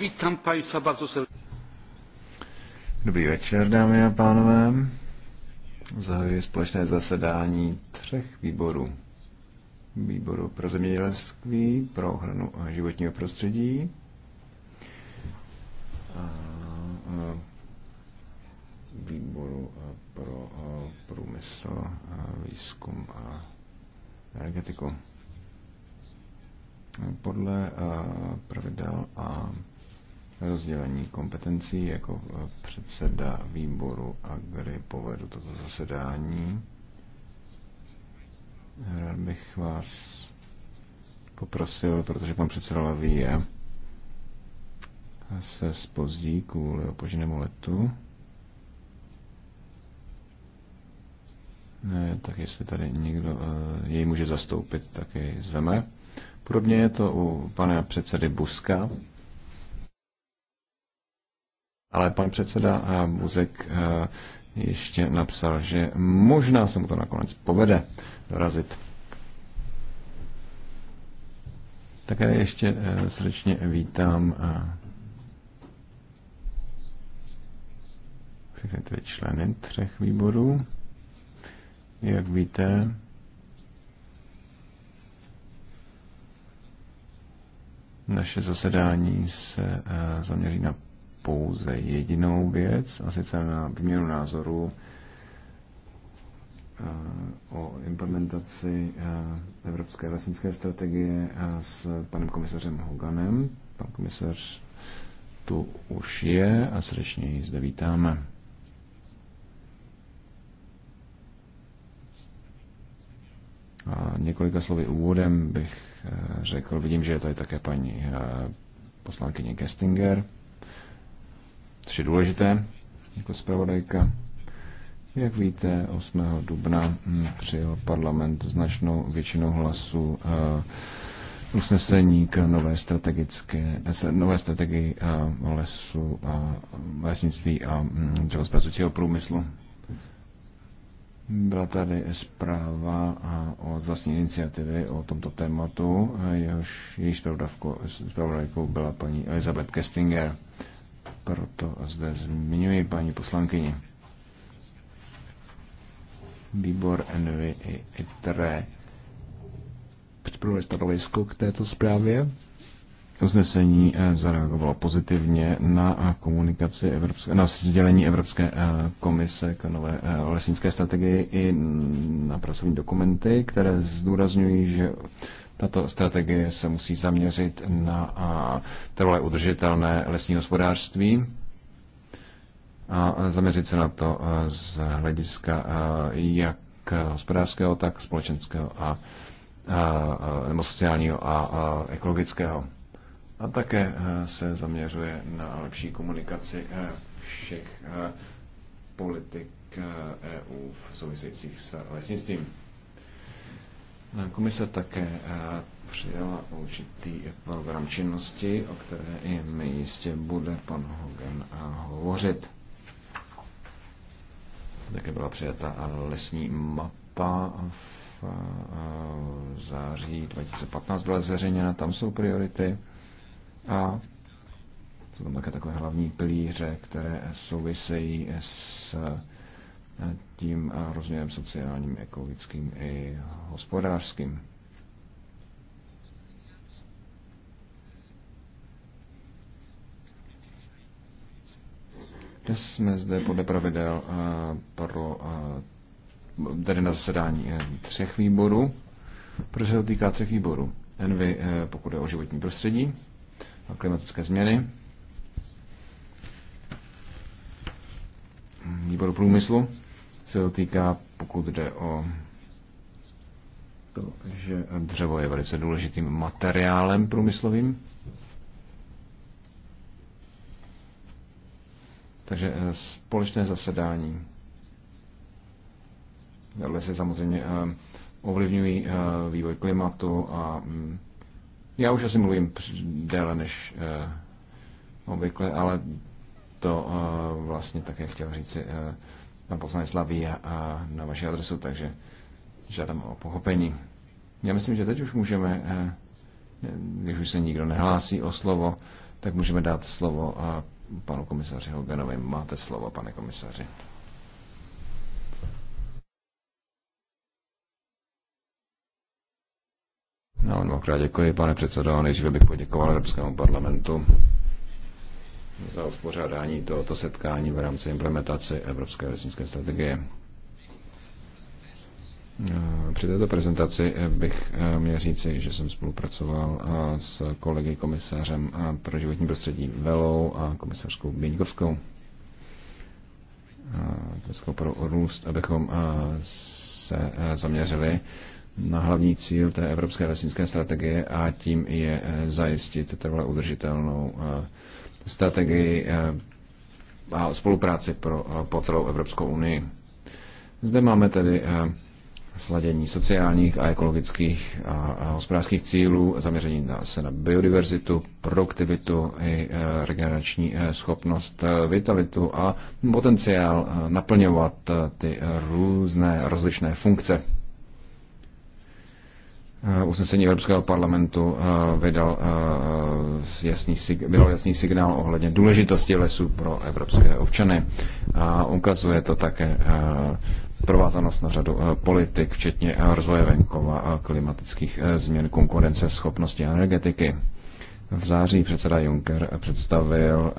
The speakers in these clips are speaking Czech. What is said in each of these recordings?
Vítám Państwa bardzo serdecznie. Dobrý večer, dámy a pánové. Zahajuji společné zasedání třech výborů. Výboru pro zemědělství, pro ochranu a životního prostředí a výboru pro průmysl, výzkum a energetiku podle pravidel a rozdělení kompetencí. Jako e, předseda výboru kdy povedu toto zasedání. Rád bych vás poprosil, protože pan předseda je se spozdí kvůli opoženému letu. Ne, tak jestli tady někdo e, jej může zastoupit, tak jej zveme. Podobně je to u pana předsedy Buska. Ale pan předseda eh, Buzek eh, ještě napsal, že možná se mu to nakonec povede dorazit. Také ještě eh, srdečně vítám všechny ty členy třech výborů. Jak víte, naše zasedání se zaměří na pouze jedinou věc, a sice na výměnu názoru eh, o implementaci eh, Evropské lesnické strategie eh, s panem komisařem Hoganem. Pan komisař tu už je a srdečně ji zde vítáme. A několika slovy úvodem bych řekl, vidím, že je tady také paní poslankyně Gestinger tři důležité jako zpravodajka. Jak víte, 8. dubna přijel parlament značnou většinou hlasů eh, usnesení k nové, strategické, nové strategii eh, lesu a lesnictví a mm, dřevozpracujícího průmyslu. Byla tady zpráva eh, o vlastní iniciativy o tomto tématu, jehož její zpravodajkou byla paní Elizabeth Kestinger proto zde zmiňuji paní poslankyni. Výbor Envy i ITRE připravili stanovisko k této zprávě. Uznesení eh, zareagovalo pozitivně na eh, komunikaci Evropské, na sdělení Evropské eh, komise k nové lesnické strategii i na pracovní dokumenty, které zdůrazňují, že tato strategie se musí zaměřit na trvalé udržitelné lesní hospodářství a zaměřit se na to z hlediska jak hospodářského, tak společenského a, nebo sociálního a, a ekologického. A také se zaměřuje na lepší komunikaci všech politik EU v souvisejících s lesnictvím. Komise také eh, přijala určitý program činnosti, o které i my jistě bude pan Hogan eh, hovořit. Také byla přijata lesní mapa v eh, září 2015 byla zveřejněna, tam jsou priority a jsou tam také takové hlavní pilíře, které souvisejí s tím rozměrem sociálním, ekologickým i hospodářským. Dnes jsme zde podle pravidel pro tady na zasedání e, třech výborů, Proč se to týká třech výborů. Envy, pokud je o životní prostředí a klimatické změny, výboru průmyslu se to týká, pokud jde o to, že dřevo je velice důležitým materiálem průmyslovým. Takže eh, společné zasedání. Lesy samozřejmě eh, ovlivňují eh, vývoj klimatu a mm, já už asi mluvím déle než obvykle, ale to vlastně také chtěl říct pan poslanec slaví a, a na vaši adresu, takže žádám o pochopení. Já myslím, že teď už můžeme, eh, když už se nikdo nehlásí o slovo, tak můžeme dát slovo a eh, panu komisaři Hoganovi. Máte slovo, pane komisaři. No, mnohokrát děkuji, pane předsedo. Nejdříve bych poděkoval Evropskému parlamentu za uspořádání tohoto setkání v rámci implementace Evropské lesnické strategie. Eh, při této prezentaci eh, bych eh, měl říci, že jsem spolupracoval s kolegy komisařem pro životní prostředí Velou a komisařskou Běňkovskou pro růst, abychom se zaměřili na hlavní cíl té Evropské lesnické strategie a tím je zajistit trvale udržitelnou strategii eh, a spolupráci pro, eh, po celou Evropskou unii. Zde máme tedy eh, sladění sociálních a ekologických a, hospodářských cílů, zaměření na, se na biodiverzitu, produktivitu i regenerační schopnost, vitalitu a potenciál naplňovat ty různé rozlišné funkce. Eh, usnesení Evropského parlamentu eh, vydal eh, jasný, vydal jasný signál ohledně důležitosti lesů pro evropské občany. A ukazuje to také provázanost na řadu politik, včetně rozvoje venkova, a klimatických změn, konkurence, schopnosti a energetiky. V září předseda Juncker představil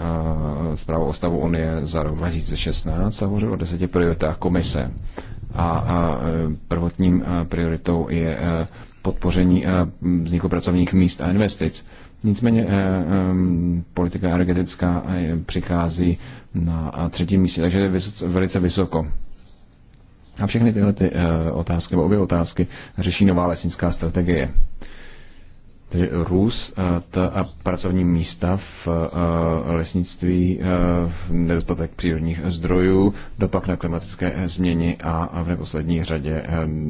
zprávu o stavu Unie za rok 2016 a hovořil o deseti prioritách komise. A prvotním prioritou je podpoření eh, vzniku pracovních míst a investic. Nicméně eh, politika energetická eh, přichází na třetím místě, takže je velice vysoko. A všechny tyhle ty otázky, nebo obě otázky, řeší nová lesnická strategie. Tedy růst eh, a pracovní místa v eh, lesnictví, eh, v nedostatek přírodních zdrojů, dopak na klimatické změny a v neposlední řadě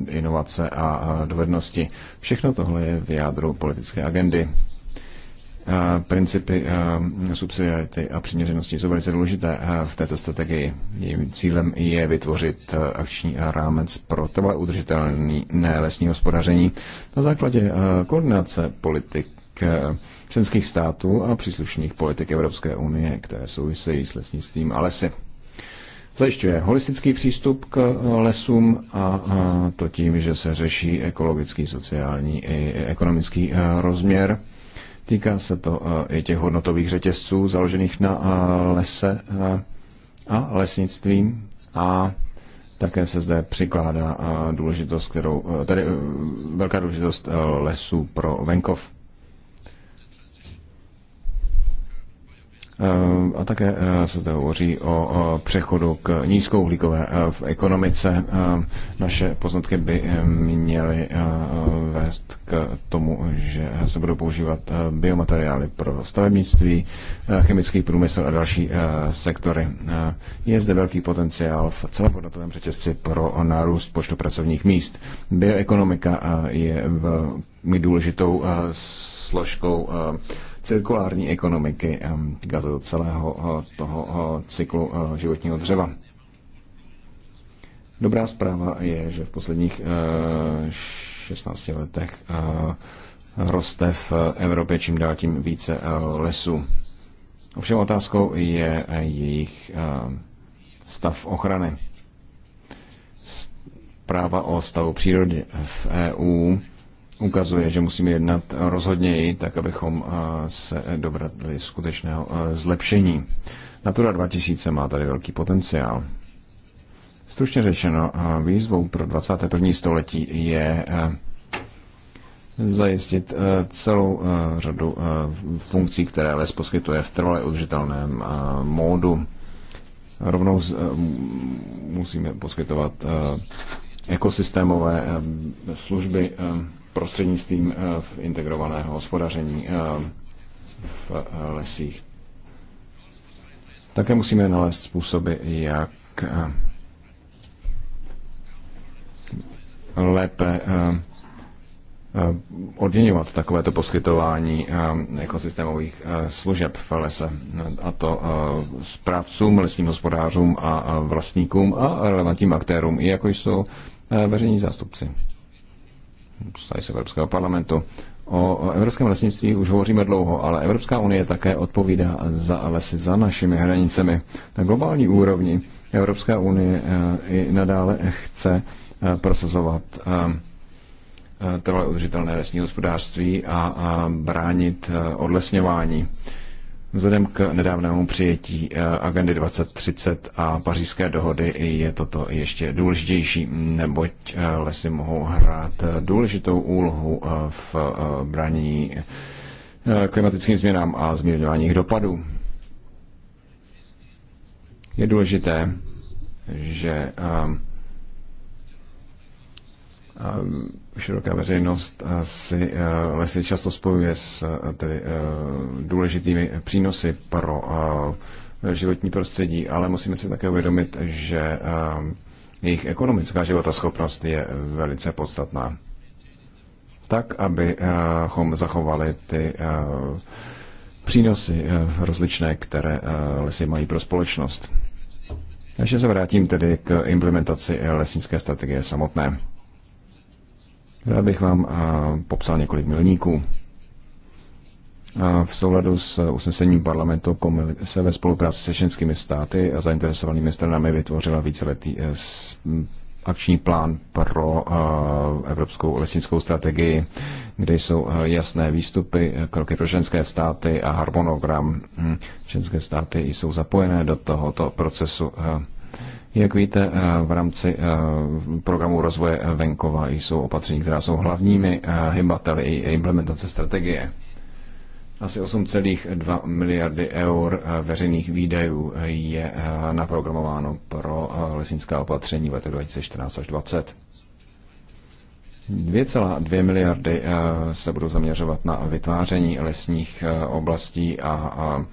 inovace a dovednosti. Všechno tohle je v jádru politické agendy. Eh, principy eh, subsidiarity a přiměřenosti jsou velice důležité eh, v této strategii. Jejím cílem je vytvořit akční rámec pro trvalé udržitelné lesní hospodaření na základě koordinace politik členských států a příslušných politik Evropské unie, které souvisejí s lesnictvím a lesy. Zajišťuje holistický přístup k lesům a to tím, že se řeší ekologický, sociální i ekonomický rozměr Týká se to eh, i těch hodnotových řetězců založených na eh, lese eh, a lesnictví a také se zde přikládá důležitost, kterou, tedy velká důležitost lesů pro venkov. Eh, a také eh, se to hovoří o přechodu k nízkouhlíkové eh, v ekonomice. Naše poznatky by měly vést k tomu, že se budou používat biomateriály pro stavebnictví, chemický průmysl a další sektory. Je zde velký potenciál v celopodnotovém hodnotovém řetězci pro nárůst počtu pracovních míst. Bioekonomika je velmi důležitou složkou cirkulární ekonomiky, týká se to celého eh, toho eh, cyklu eh, životního dřeva. Dobrá zpráva je, že v posledních 16 letech roste v Evropě čím dál tím více lesů. Ovšem otázkou je jejich stav ochrany. Práva o stavu přírody v EU ukazuje, že musíme jednat rozhodněji, tak abychom eh, se dobratli skutečného eh, zlepšení. Natura 2000 má tady velký potenciál. Stručně řečeno, eh, výzvou pro 21. století je zajistit celou řadu funkcí, které les poskytuje v trvalé udržitelném módu. Rovnou musíme poskytovat ekosystémové služby prostřednictvím eh, v integrovaného hospodaření eh, v eh, lesích. Také musíme nalézt způsoby, jak lépe odměňovat takovéto poskytování ekosystémových služeb v lese. A to správcům, lesním hospodářům a vlastníkům a relevantním aktérům, i jako jsou veřejní zástupci dostali z Evropského parlamentu. O evropském lesnictví už hovoříme dlouho, ale Evropská unie také odpovídá za lesy za našimi hranicemi. Na globální úrovni Evropská unie eh, i nadále chce eh, prosazovat eh, trvalé udržitelné lesní hospodářství a bránit odlesňování. Vzhledem k nedávnému přijetí eh, agendy 2030 a pařížské dohody je toto ještě důležitější, neboť eh, lesy mohou hrát eh, důležitou úlohu v braní klimatickým změnám a zmírňování jejich dopadů. Je důležité, že um, široká veřejnost si eh, lesy často spojuje s eh, tedy eh, důležitými přínosy pro životní prostředí, ale musíme si také uvědomit, že jejich ekonomická životaschopnost je velice podstatná. Tak, abychom zachovali ty přínosy rozličné, které lesy mají pro společnost. Takže se vrátím tedy k implementaci lesnické strategie samotné. Já bych vám popsal několik milníků. V souladu s usnesením parlamentu se ve spolupráci se členskými státy a zainteresovanými stranami vytvořila víceletý eh, akční plán pro eh, evropskou lesnickou strategii, kde jsou eh, jasné výstupy, kroky pro ženské státy a harmonogram. Ženské hm, státy jsou zapojené do tohoto procesu jak víte, eh, v rámci eh, programu rozvoje venkova jsou opatření, která jsou hlavními eh, hybateli i implementace strategie. Asi 8,2 miliardy eur veřejných výdajů je naprogramováno pro lesnická opatření v letech 2014 až 2020. 2,2 miliardy se budou zaměřovat na vytváření lesních oblastí a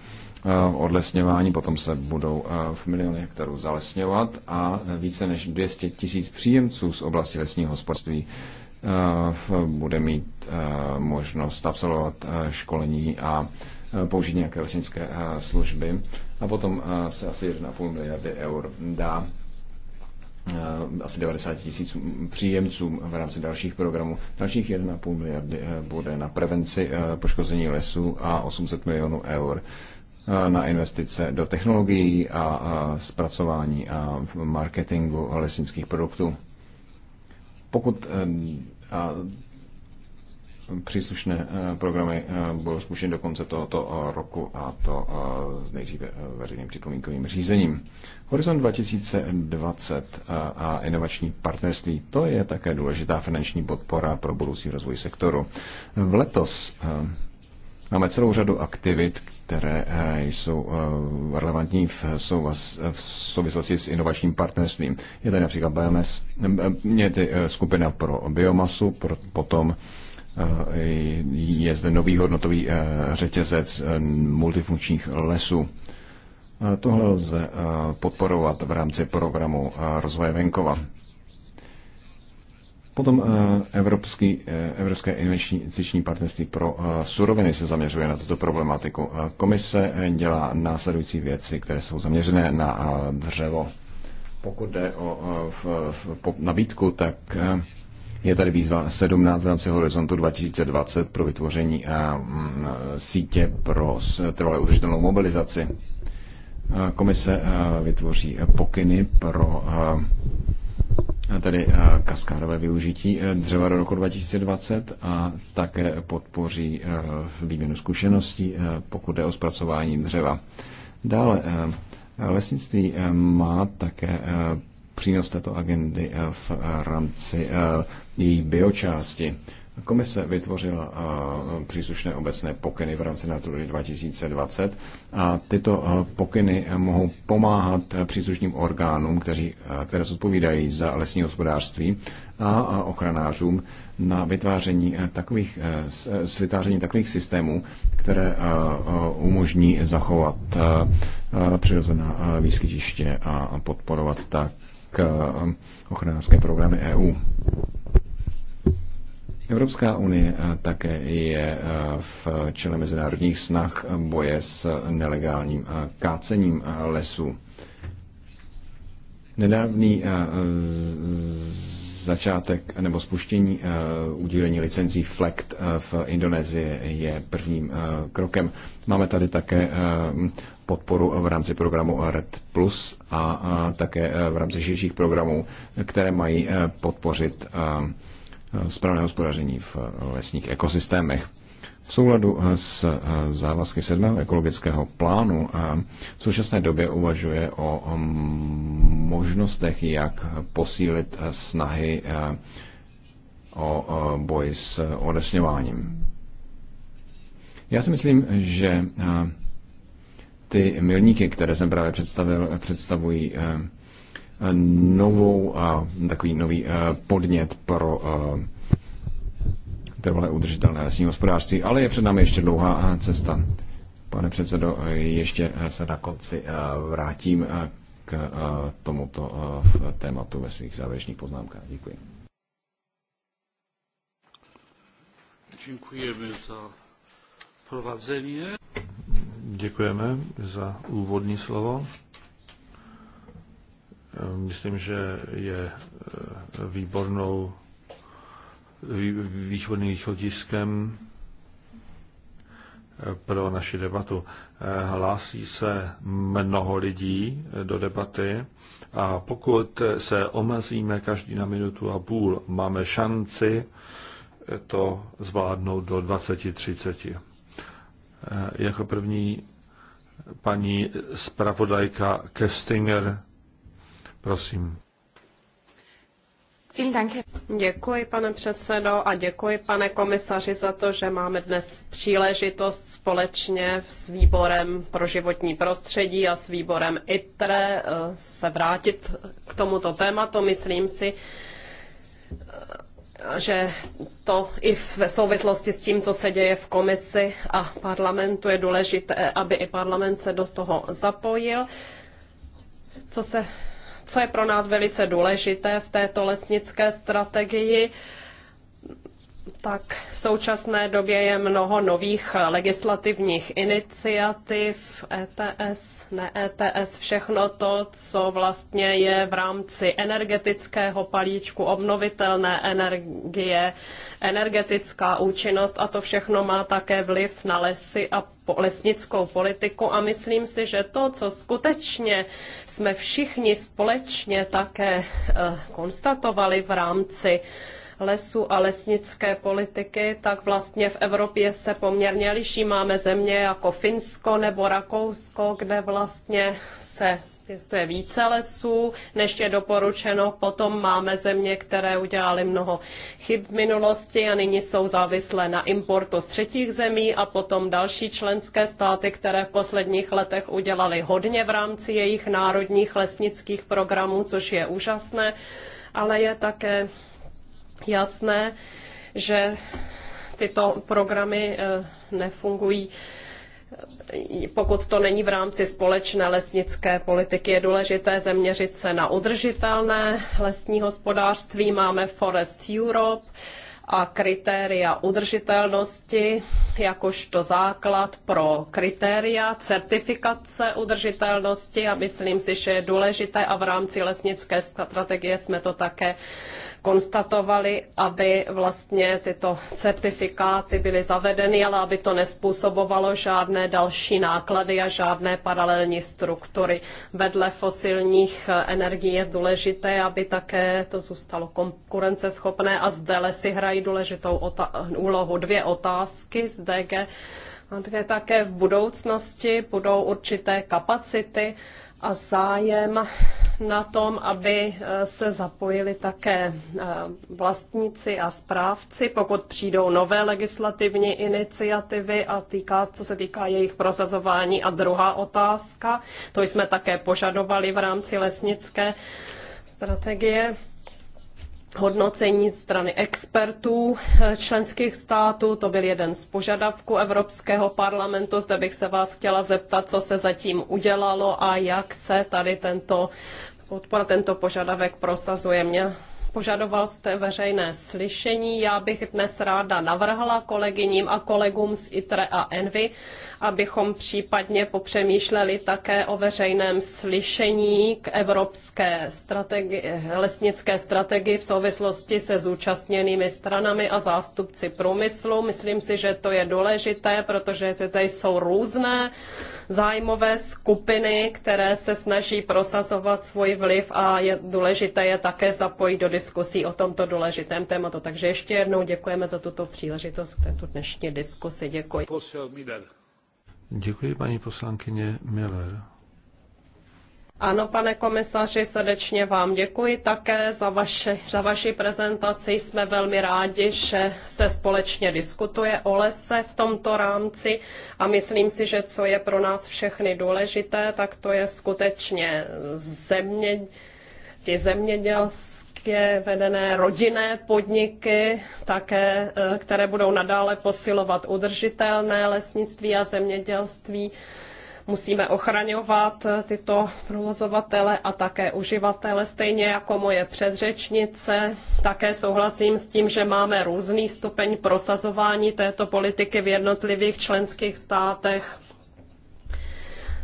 Eh, odlesňování, potom se budou eh, v miliony hektarů zalesňovat a více než 200 tisíc příjemců z oblasti lesního hospodářství eh, bude mít možnost absolvovat školení a použít nějaké lesnické služby a potom se asi 1,5 miliardy eur dá asi 90 tisíc příjemcům v rámci dalších programů. Dalších 1,5 miliardy bude na prevenci poškození lesů a 800 milionů eur na investice do technologií a zpracování a marketingu lesnických produktů. Pokud eh, a příslušné eh, programy eh, budou spuštěny do konce tohoto roku a to s nejdříve veřejným připomínkovým řízením. Horizont 2020 a inovační partnerství, to je také důležitá finanční podpora pro budoucí rozvoj sektoru. V letos Máme celou řadu aktivit, které eh, jsou eh, relevantní v, souvaz, v souvislosti s inovačním partnerstvím. Je tady například BMS, eh, je tady skupina pro biomasu, pro, potom je zde nový hodnotový řetězec multifunkčních lesů. Tohle lze podporovat v rámci programu rozvoje venkova. Potom eh, Evropský, eh, Evropské investiční partnerství pro eh, suroviny se zaměřuje na tuto problematiku. Komise dělá následující věci, které jsou zaměřené na dřevo. Pokud jde o v, v, po, nabídku, tak je tady výzva 17 v rámci horizontu 2020 pro vytvoření a, mm, sítě pro trvalé udržitelnou mobilizaci. Komise vytvoří pokyny pro a, tedy kaskádové využití e, dřeva do roku 2020 a také podpoří e, výměnu zkušeností, e, pokud je o zpracování dřeva. Dále lesnictví má také přínos této agendy v rámci její biočásti. Komise vytvořila eh, příslušné obecné pokyny v rámci Natury 2020 a tyto eh, pokyny mohou pomáhat eh, příslušným orgánům, kteří, které zodpovídají za lesní hospodářství a ochranářům na vytváření takových, s vytváření takových systémů, které umožní zachovat přirozená výskytiště a podporovat tak ochranářské programy EU. Evropská unie eh, také je eh, v čele mezinárodních snah boje s nelegálním eh, kácením lesů. Nedávný začátek nebo spuštění udělení licencí FLECT v Indonésii je prvním krokem. Máme tady také podporu v rámci programu RED Plus a také v rámci širších programů, které mají podpořit správné hospodaření v eh, lesních ekosystémech. V souladu eh, s eh, závazky sedmého ekologického plánu v současné době uvažuje o mm, možnostech, jak posílit snahy o boj s odesňováním. Já si myslím, že ty milníky, které jsem právě představil, představují novou, takový nový eh, podnět pro eh, trvalé udržitelné lesní hospodářství, ale je před námi ještě dlouhá eh, cesta. Pane předsedo, ještě se na konci vrátím k tomuto tématu ve svých závěrečných poznámkách. Děkuji. Děkujeme za provazení. Děkujeme za úvodní slovo. Ehm, myslím, že je eh, výbornou východným východiskem eh, pro naši debatu. Eh, hlásí se mnoho lidí do debaty a pokud se omezíme každý na minutu a půl, máme šanci to zvládnout do 20-30. Jako první paní zpravodajka Kestinger Prosím. Děkuji, pane předsedo, a děkuji, pane komisaři, za to, že máme dnes příležitost společně s výborem pro životní prostředí a s výborem ITRE eh, se vrátit k tomuto tématu. Myslím si, eh, že to i v souvislosti s tím, co se děje v komisi a parlamentu, je důležité, aby i parlament se do toho zapojil. Co se co je pro nás velice důležité v této lesnické strategii, tak v současné době je mnoho nových legislativních iniciativ, ETS, ne ETS, všechno to, co vlastně je v rámci energetického palíčku, obnovitelné energie, energetická účinnost a to všechno má také vliv na lesy a lesnickou politiku a myslím si, že to, co skutečně jsme všichni společně také eh, konstatovali v rámci lesu a lesnické politiky, tak vlastně v Evropě se poměrně liší. Máme země jako Finsko nebo Rakousko, kde vlastně se pěstuje více lesů, než je doporučeno. Potom máme země, které udělaly mnoho chyb v minulosti a nyní jsou závislé na importu z třetích zemí a potom další členské státy, které v posledních letech udělaly hodně v rámci jejich národních lesnických programů, což je úžasné, ale je také jasné, že tyto programy eh, nefungují pokud to není v rámci společné lesnické politiky, je důležité zeměřit se na udržitelné lesní hospodářství. Máme Forest Europe, a kritéria udržitelnosti jakožto základ pro kritéria certifikace udržitelnosti a myslím si, že je důležité a v rámci lesnické strategie jsme to také konstatovali, aby vlastně tyto certifikáty byly zavedeny, ale aby to nespůsobovalo žádné další náklady a žádné paralelní struktury. Vedle fosilních energií je důležité, aby také to zůstalo konkurenceschopné a zde lesy hrají hrají důležitou úlohu. Dvě otázky z DG. A dvě také v budoucnosti budou určité kapacity a zájem na tom, aby eh, se zapojili také eh, vlastníci a správci, pokud přijdou nové legislativní iniciativy a týká, co se týká jejich prosazování. A druhá otázka, to jsme také požadovali v rámci lesnické strategie hodnocení strany expertů eh, členských států. To byl jeden z požadavků Evropského parlamentu. Zde bych se vás chtěla zeptat, co se zatím udělalo a jak se tady tento podpora, tento požadavek prosazuje. Mě Požadoval jste veřejné slyšení. Já bych dnes ráda navrhla kolegyním a kolegům z ITRE a ENVY, abychom případně popřemýšleli také o veřejném slyšení k evropské strategi- lesnické strategii v souvislosti se zúčastněnými stranami a zástupci průmyslu. Myslím si, že to je důležité, protože zde jsou různé zájmové skupiny, které se snaží prosazovat svůj vliv a je důležité je také zapojit do diskuse diskusí o tomto důležitém tématu. Takže ještě jednou děkujeme za tuto příležitost k této dnešní diskusi. Děkuji. Děkuji paní poslankyně Miller. Ano, pane komisaři, srdečně vám děkuji také za, vaše, za vaši prezentaci. Jsme velmi rádi, že se společně diskutuje o lese v tomto rámci a myslím si, že co je pro nás všechny důležité, tak to je skutečně země, ti zemědělství je vedené rodinné podniky, také, eh, které budou nadále posilovat udržitelné lesnictví a zemědělství. Musíme ochraňovat eh, tyto provozovatele a také uživatele, stejně jako moje předřečnice. Také souhlasím s tím, že máme různý stupeň prosazování této politiky v jednotlivých členských státech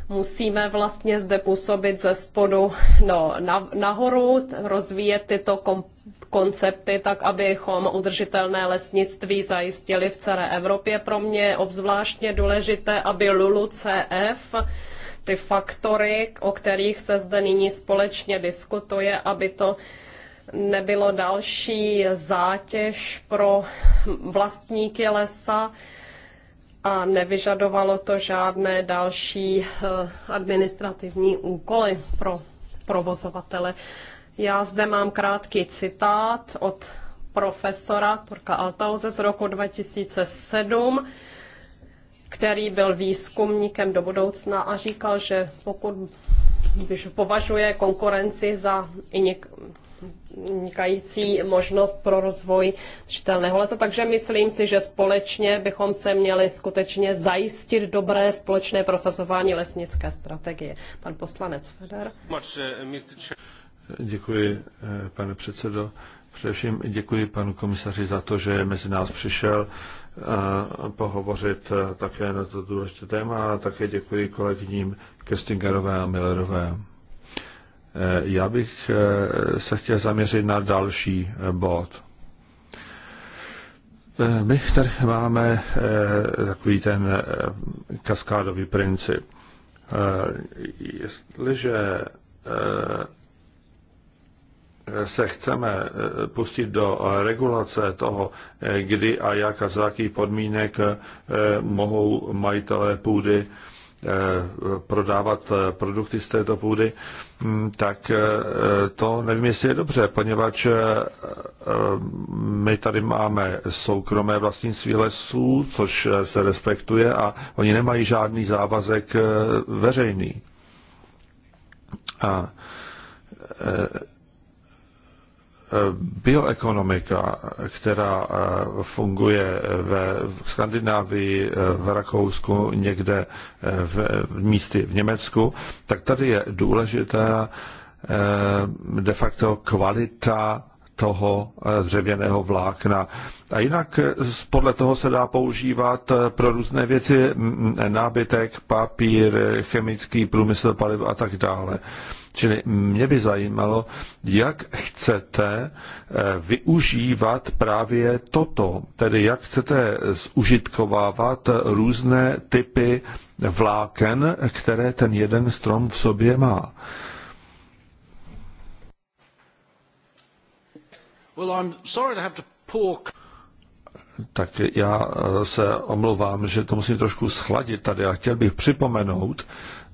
musíme vlastně zde působit ze spodu no, nahoru, rozvíjet tyto kom, koncepty tak, abychom udržitelné lesnictví zajistili v celé Evropě. Pro mě je obzvláštně důležité, aby LULU CF ty faktory, o kterých se zde nyní společně diskutuje, aby to nebylo další zátěž pro vlastníky lesa, a nevyžadovalo to žádné další eh, administrativní úkoly pro provozovatele. Já zde mám krátký citát od profesora Turka Altauze z roku 2007, který byl výzkumníkem do budoucna a říkal, že pokud považuje konkurenci za vynikající možnost pro rozvoj čitelného lesa. Takže myslím si, že společně bychom se měli skutečně zajistit dobré společné prosazování lesnické strategie. Pan poslanec Feder. Děkuji, eh, pane předsedo. Především děkuji panu komisaři za to, že mezi nás přišel eh, pohovořit eh, také na to důležité téma a také děkuji kolegyním Kestingerové a Millerové. Eh, já bych eh, se chtěl zaměřit na další eh, bod. My tady máme takový ten kaskádový princip. Jestliže se chceme pustit do regulace toho, kdy a jak a za jakých podmínek mohou majitelé půdy Eh, prodávat eh, produkty z této půdy, hm, tak eh, to nevím, jestli je dobře, poněvadž my tady máme soukromé vlastnictví lesů, což se respektuje a oni nemají žádný závazek veřejný. A Eh, bioekonomika, eh, která eh, funguje ve Skandinávii, v Rakousku, někde v místě v Německu, tak tady je důležitá de facto kvalita toho dřevěného vlákna. A jinak podle toho se dá používat pro různé věci nábytek, papír, chemický průmysl, paliv a tak dále. Čili mě by zajímalo, jak chcete eh, využívat právě toto, tedy jak chcete zužitkovávat různé typy vláken, které ten jeden strom v sobě má. Well, I'm sorry to have to pork. Tak já eh, se omlouvám, že to musím trošku schladit tady a chtěl bych připomenout,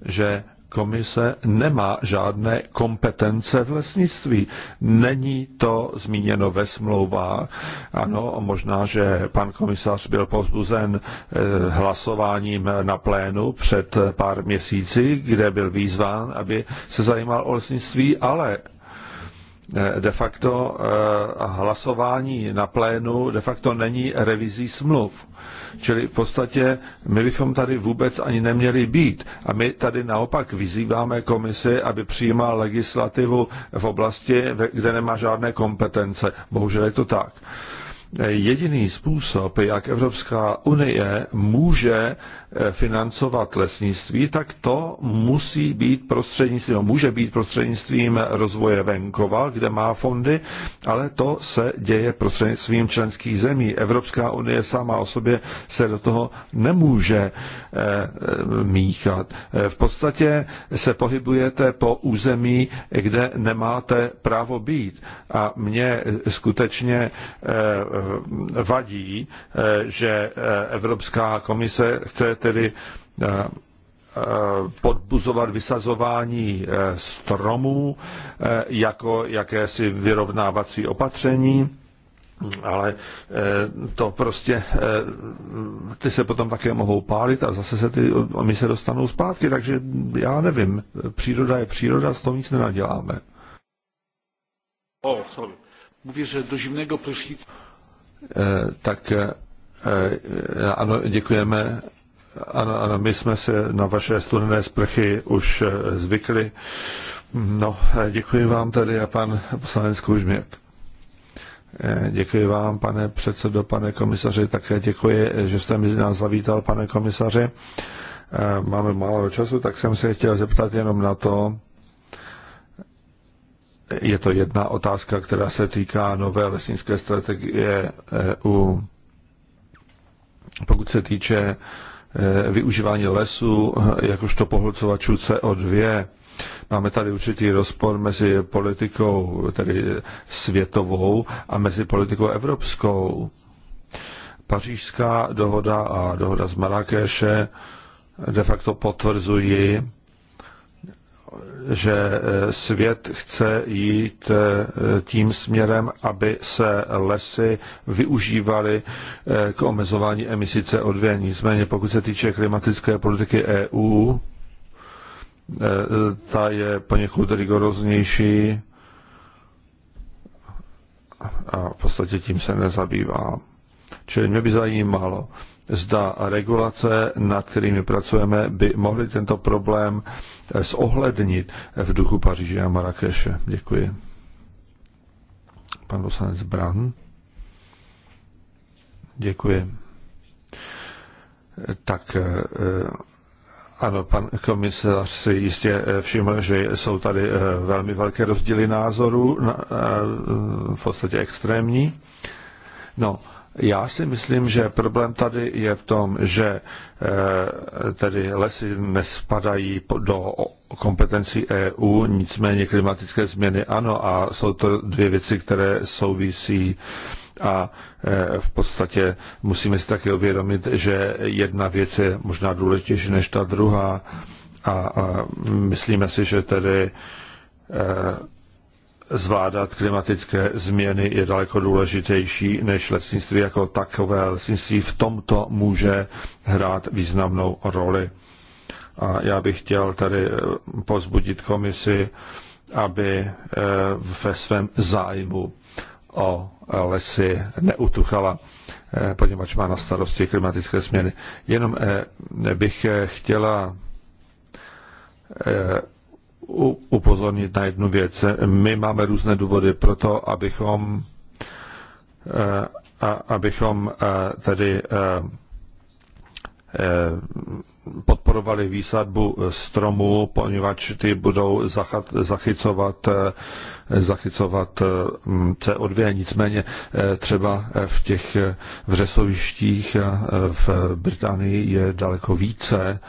že komise nemá žádné kompetence v lesnictví. Není to zmíněno ve smlouvách. Ano, možná, že pan komisař byl povzbuzen eh, hlasováním na plénu před pár měsíci, kde byl výzván, aby se zajímal o lesnictví, ale Eh, de facto eh, hlasování na plénu de facto není revizí smluv. Čili v podstatě my bychom tady vůbec ani neměli být. A my tady naopak vyzýváme komisi, aby přijímala legislativu v oblasti, kde nemá žádné kompetence. Bohužel je to tak jediný způsob, jak Evropská unie může eh, financovat lesnictví, tak to musí být prostřednictvím, může být prostřednictvím rozvoje venkova, kde má fondy, ale to se děje prostřednictvím členských zemí. Evropská unie sama o sobě se do toho nemůže eh, eh, míchat. V podstatě se pohybujete po území, kde nemáte právo být. A mě skutečně Eh, vadí, eh, že eh, Evropská komise chce tedy podbuzovat vysazování stromů jako jakési vyrovnávací opatření, ale to prostě, ty se potom také mohou pálit a zase se ty my se dostanou zpátky, takže já nevím, příroda je příroda, s tom nic nenaděláme. O, oh, sorry. Mówię, że do zimnego prysznica. Eh, tak eh, eh, ano, děkujeme. Ano, ano, my jsme se na vaše studené sprchy už zvykli. No, děkuji vám tady a pan poslanec Kůžměk. Děkuji vám, pane předsedo, pane komisaři, také děkuji, že jste mi nás zavítal, pane komisaři. Máme málo času, tak jsem se chtěl zeptat jenom na to, je to jedna otázka, která se týká nové lesnické strategie EU. Pokud se týče e, využívání lesu e, jakožto pohlcovačů CO2. Máme tady určitý rozpor mezi politikou tedy světovou a mezi politikou evropskou. Pařížská dohoda a dohoda z Marrakeše de facto potvrzují, že e, svět chce jít e, tím směrem, aby se lesy využívaly e, k omezování emisí CO2. Nicméně pokud se týče klimatické politiky EU, ta je poněkud rigoroznější a v podstatě tím se nezabývá. Čili mě by zajímalo, zda regulace, nad kterými pracujeme, by mohly tento problém zohlednit v duchu Paříže a Marrakeše. Děkuji. Pan poslanec Bran. Děkuji. Tak eh, ano, pan komisař si jistě eh, všiml, že jsou tady eh, velmi velké rozdíly názorů, v podstatě extrémní. No, já si myslím, že problém tady je v tom, že eh, tedy lesy nespadají do kompetencí EU, nicméně klimatické změny ano a jsou to dvě věci, které souvisí a eh, v podstatě musíme si také uvědomit, že jedna věc je možná důležitější než ta druhá a myslíme si, že tedy eh, zvládat klimatické změny je daleko důležitější než lesnictví jako takové. Lesnictví v tomto může hrát významnou roli. A já bych chtěl tady eh, pozbudit komisi, aby eh, ve svém zájmu o lesy neutuchala, eh, poněvadž má na starosti klimatické změny. Jenom bych chtěla upozornit na jednu věc. My máme různé důvody pro to, abychom, eh, abychom eh, tedy eh, podporovali výsadbu stromů, poněvadž ty budou zachycovat, zachycovat CO2. Nicméně třeba v těch vřesovištích v Británii je daleko více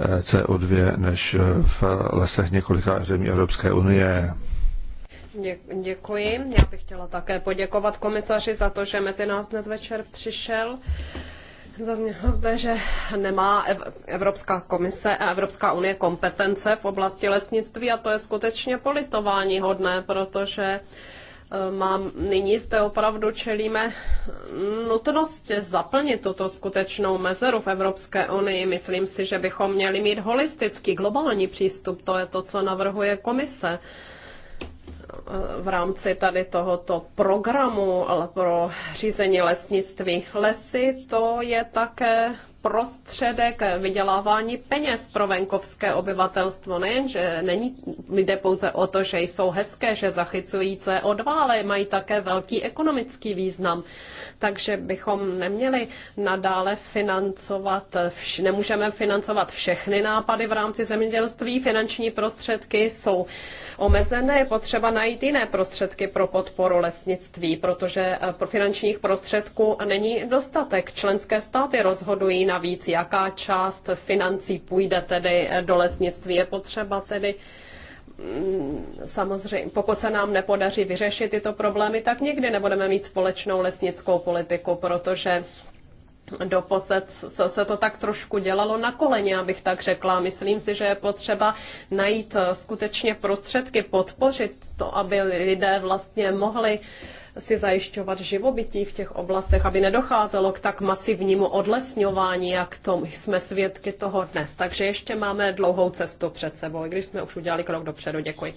CO2 než v lesech několika zemí Evropské unie. Děkuji. Já bych chtěla také poděkovat komisaři za to, že mezi nás dnes večer přišel. Zaznělo zde, že nemá Evropská komise a Evropská unie kompetence v oblasti lesnictví a to je skutečně politování hodné, protože mám, nyní zde opravdu čelíme nutnost zaplnit tuto skutečnou mezeru v Evropské unii. Myslím si, že bychom měli mít holistický, globální přístup. To je to, co navrhuje komise v rámci tady tohoto programu pro řízení lesnictví lesy, to je také prostředek vydělávání peněz pro venkovské obyvatelstvo. že není, jde pouze o to, že jsou hezké, že zachycují CO2, ale mají také velký ekonomický význam. Takže bychom neměli nadále financovat, vš, nemůžeme financovat všechny nápady v rámci zemědělství. Finanční prostředky jsou omezené, je potřeba najít jiné prostředky pro podporu lesnictví, protože pro eh, finančních prostředků není dostatek. Členské státy rozhodují navíc, jaká část financí půjde tedy do lesnictví. Je potřeba tedy mm, samozřejmě, pokud se nám nepodaří vyřešit tyto problémy, tak nikdy nebudeme mít společnou lesnickou politiku, protože doposud se, se to tak trošku dělalo na koleně, abych tak řekla. Myslím si, že je potřeba najít eh, skutečně prostředky, podpořit to, aby lidé vlastně mohli uh, si zajišťovat živobytí v těch oblastech, aby nedocházelo k tak masivnímu odlesňování, jak to jsme svědky toho dnes. Takže ještě máme dlouhou cestu před sebou, i když jsme už udělali krok dopředu. Děkuji.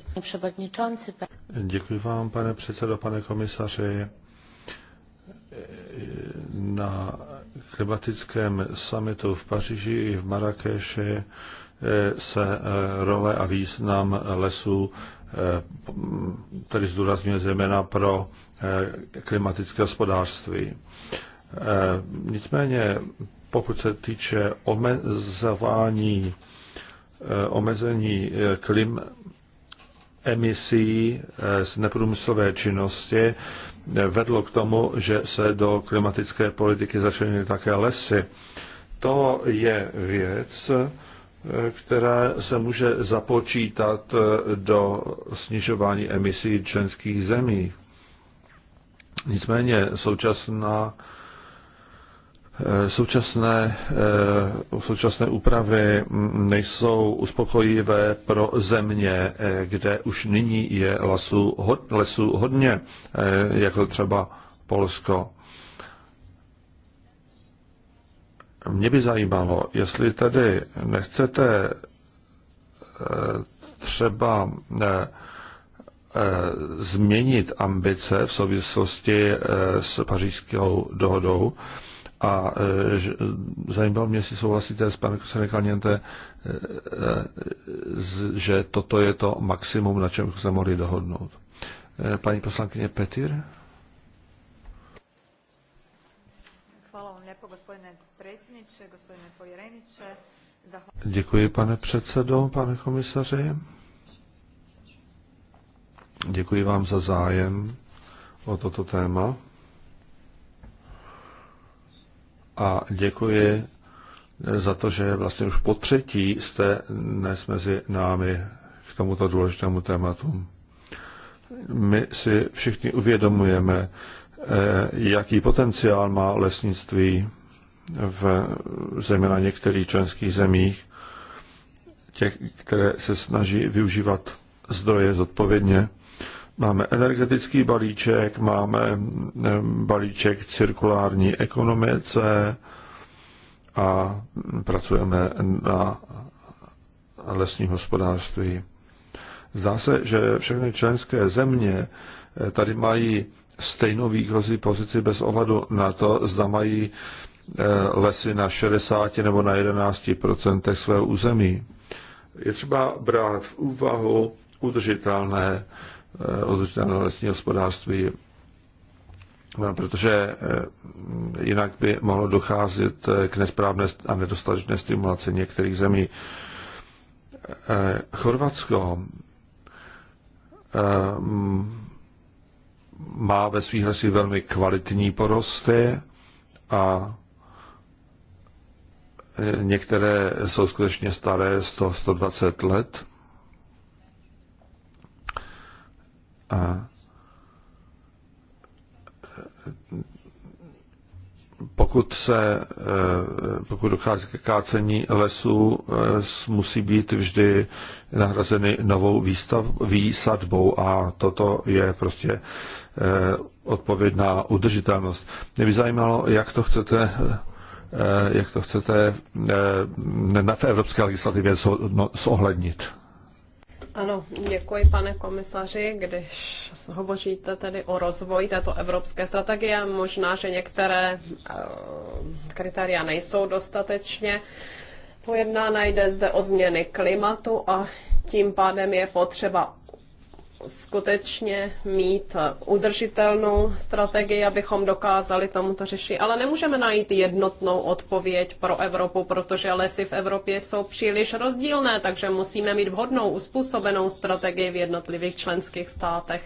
Děkuji vám, pane předsedo, pane komisaři. Na klimatickém summitu v Paříži i v Marrakeši eh, se eh, role a význam lesů, který eh, zdůrazňuje zejména pro Eh, klimatické hospodářství. Eh, nicméně, pokud se týče omezování, eh, omezení klim emisí z neprůmyslové činnosti, vedlo k tomu, že se do klimatické politiky začlenily také lesy. To je věc, která se může započítat do snižování emisí členských zemí. Nicméně současná eh, Současné, eh, současné úpravy nejsou uspokojivé pro země, eh, kde už nyní je lesů lesu hodně, jako třeba Polsko. Mě by zajímalo, jestli tedy nechcete třeba ne, Eh, změnit ambice v souvislosti eh, s pařížskou dohodou. A eh, zajímalo mě, jestli souhlasíte s panem Kusanem Kalněte, že toto je to maximum, na čem se mohli dohodnout. Paní poslankyně Petir? Děkuji, pane předsedo, pane komisaři. Děkuji vám za zájem o toto téma a děkuji za to, že vlastně už po třetí jste dnes mezi námi k tomuto důležitému tématu. My si všichni uvědomujeme, eh, jaký potenciál má lesnictví v zejména některých členských zemích, těch, které se snaží využívat zdroje zodpovědně. Máme energetický balíček, máme balíček cirkulární ekonomice a pracujeme na lesním hospodářství. Zdá se, že všechny členské země eh, tady mají stejnou výchozí pozici bez ohledu na to, zda mají eh, lesy na 60 nebo na 11 svého území. Je třeba brát v úvahu udržitelné Eh, udržitelného lesního hospodářství, eh, protože eh, jinak by mohlo docházet k nesprávné a nedostatečné stimulaci některých zemí. Chorvatsko má ve svých lesích velmi kvalitní porosty a některé jsou skutečně staré 100-120 let. A pokud se, e, pokud dochází ke kácení lesů, e, musí být vždy nahrazeny novou výstav, výsadbou a toto je prostě e, odpověď na udržitelnost. Mě by zajímalo, jak to chcete jak to chcete v evropské legislativě zohlednit. Ano, děkuji pane komisaři, když hovoříte tedy o rozvoji této evropské strategie, možná, že některé eh, kritéria nejsou dostatečně pojednána, jde zde o změny klimatu a tím pádem je potřeba skutečně mít udržitelnou strategii, abychom dokázali tomuto řešit. Ale nemůžeme najít jednotnou odpověď pro Evropu, protože lesy v Evropě jsou příliš rozdílné, takže musíme mít vhodnou, uspůsobenou strategii v jednotlivých členských státech.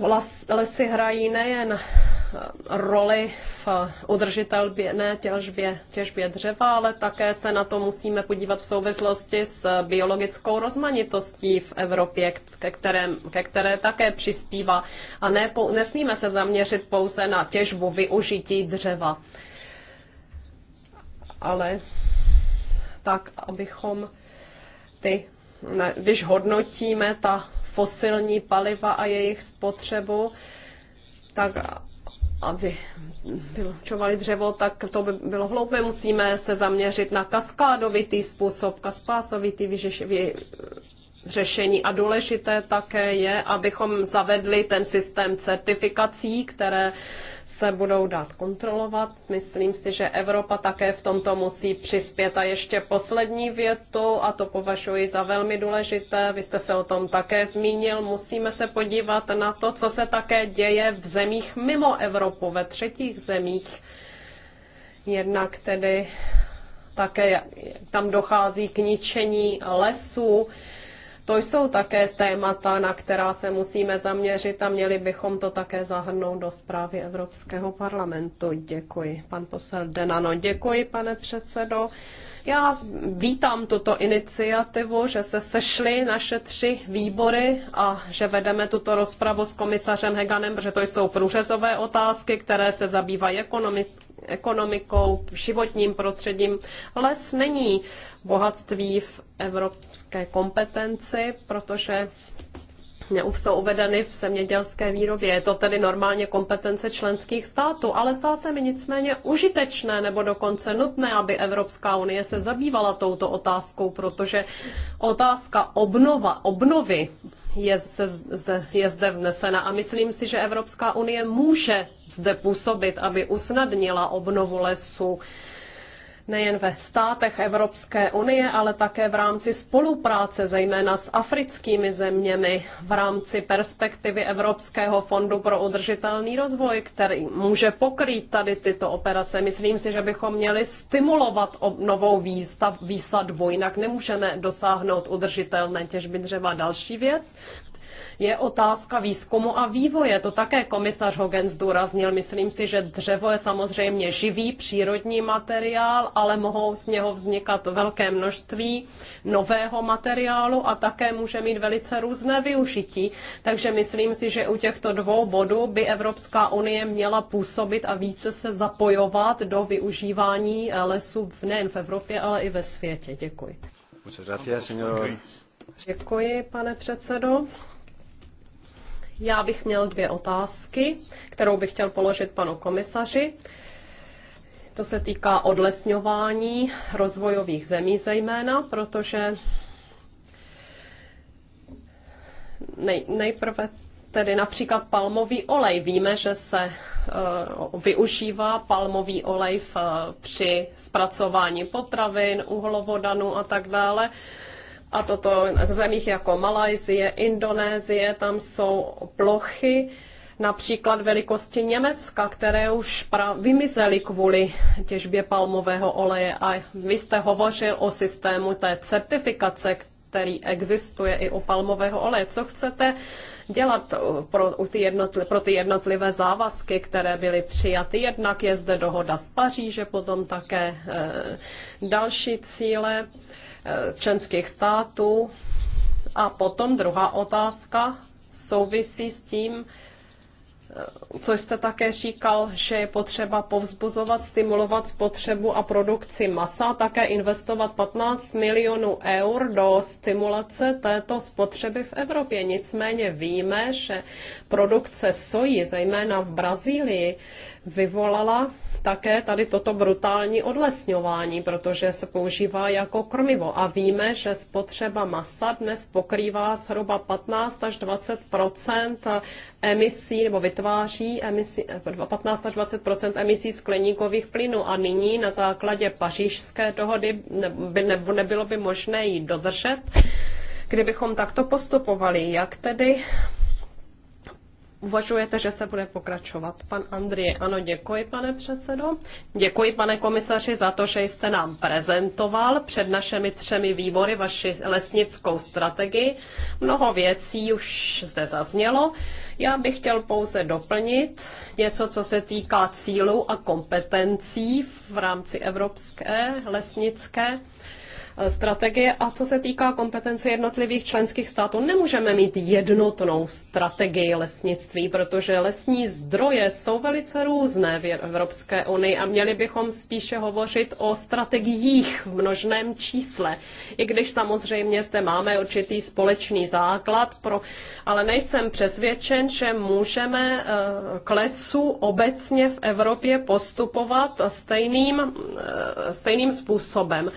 Las, lesy hrají nejen roli v udržitelné těžbě, těžbě dřeva, ale také se na to musíme podívat v souvislosti s biologickou rozmanitostí v Evropě, ke které, ke které také přispívá. A ne, nesmíme se zaměřit pouze na těžbu využití dřeva. Ale tak, abychom ty, ne, když hodnotíme ta fosilní paliva a jejich spotřebu, tak aby vylučovali dřevo, tak to by bylo hloupé. Musíme se zaměřit na kaskádovitý způsob, kaspásovitý řešení. A důležité také je, abychom zavedli ten systém certifikací, které se budou dát kontrolovat. Myslím si, že Evropa také v tomto musí přispět. A ještě poslední větu, a to považuji za velmi důležité, vy jste se o tom také zmínil, musíme se podívat na to, co se také děje v zemích mimo Evropu, ve třetích zemích. Jednak tedy také tam dochází k ničení lesů to jsou také témata, na která se musíme zaměřit a měli bychom to také zahrnout do zprávy Evropského parlamentu. Děkuji, pan posel Denano. Děkuji, pane předsedo. Já vítám tuto iniciativu, že se sešly naše tři výbory a že vedeme tuto rozpravu s komisařem Heganem, protože to jsou průřezové otázky, které se zabývají ekonomickým ekonomikou, životním prostředím. Les není bohatství v evropské kompetenci, protože jsou uvedeny v zemědělské výrobě. Je to tedy normálně kompetence členských států, ale zdá se mi nicméně užitečné nebo dokonce nutné, aby Evropská unie se zabývala touto otázkou, protože otázka obnova, obnovy je, se, je zde vznesena a myslím si, že Evropská unie může zde působit, aby usnadnila obnovu lesů nejen ve státech Evropské unie, ale také v rámci spolupráce, zejména s africkými zeměmi, v rámci perspektivy Evropského fondu pro udržitelný rozvoj, který může pokrýt tady tyto operace. Myslím si, že bychom měli stimulovat novou výstav, výsadbu, jinak nemůžeme dosáhnout udržitelné těžby dřeva. Další věc, je otázka výzkumu a vývoje. To také komisař Hogan zdůraznil. Myslím si, že dřevo je samozřejmě živý přírodní materiál, ale mohou z něho vznikat velké množství nového materiálu a také může mít velice různé využití. Takže myslím si, že u těchto dvou bodů by Evropská unie měla působit a více se zapojovat do využívání lesů nejen v Evropě, ale i ve světě. Děkuji. Děkuji, pane předsedo. Já bych měl dvě otázky, kterou bych chtěl položit panu komisaři. To se týká odlesňování rozvojových zemí zejména, protože nej, nejprve tedy například palmový olej. Víme, že se uh, využívá palmový olej v, eh, při zpracování potravin, uhlovodanů a tak dále. Uh, a toto v zemích jako Malajzie, Indonésie, tam jsou plochy například velikosti Německa, které už pra- vymizely kvůli těžbě palmového oleje. A vy jste hovořil o systému té certifikace, který existuje i u palmového oleje. Co chcete dělat eh, pro ty, jednotli, pro ty jednotlivé závazky, které byly přijaty. Jednak je zde dohoda z Paříže, potom také eh, další cíle eh, členských států. A potom druhá otázka souvisí s tím, co jste také říkal, že je potřeba povzbuzovat, stimulovat spotřebu a produkci masa, také investovat 15 milionů eur do stimulace této spotřeby v Evropě. Nicméně víme, že produkce soji, zejména v Brazílii, vyvolala také tady toto brutální odlesňování, protože se používá jako krmivo. A víme, že spotřeba masa dnes pokrývá zhruba 15 až 20 emisí, nebo vytváří emisí, 15 až 20 emisí skleníkových plynů. A nyní na základě pařížské dohody by nebylo by možné ji dodržet, kdybychom takto postupovali. Jak tedy Uvažujete, že se bude pokračovat. Pan Andrie, ano, děkuji, pane předsedo. Děkuji, pane komisaři, za to, že jste nám prezentoval před našimi třemi výbory vaši lesnickou strategii. Mnoho věcí už zde zaznělo. Já bych chtěl pouze doplnit něco, co se týká cílů a kompetencí v rámci evropské lesnické Eh, strategie. A co se týká kompetence jednotlivých členských států, nemůžeme mít jednotnou strategii lesnictví, protože lesní zdroje jsou velice různé v Evropské unii a měli bychom spíše hovořit o strategiích v množném čísle, i když samozřejmě zde máme určitý společný základ, pro, ale nejsem přesvědčen, že můžeme eh, k lesu obecně v Evropě postupovat stejným, eh, stejným způsobem.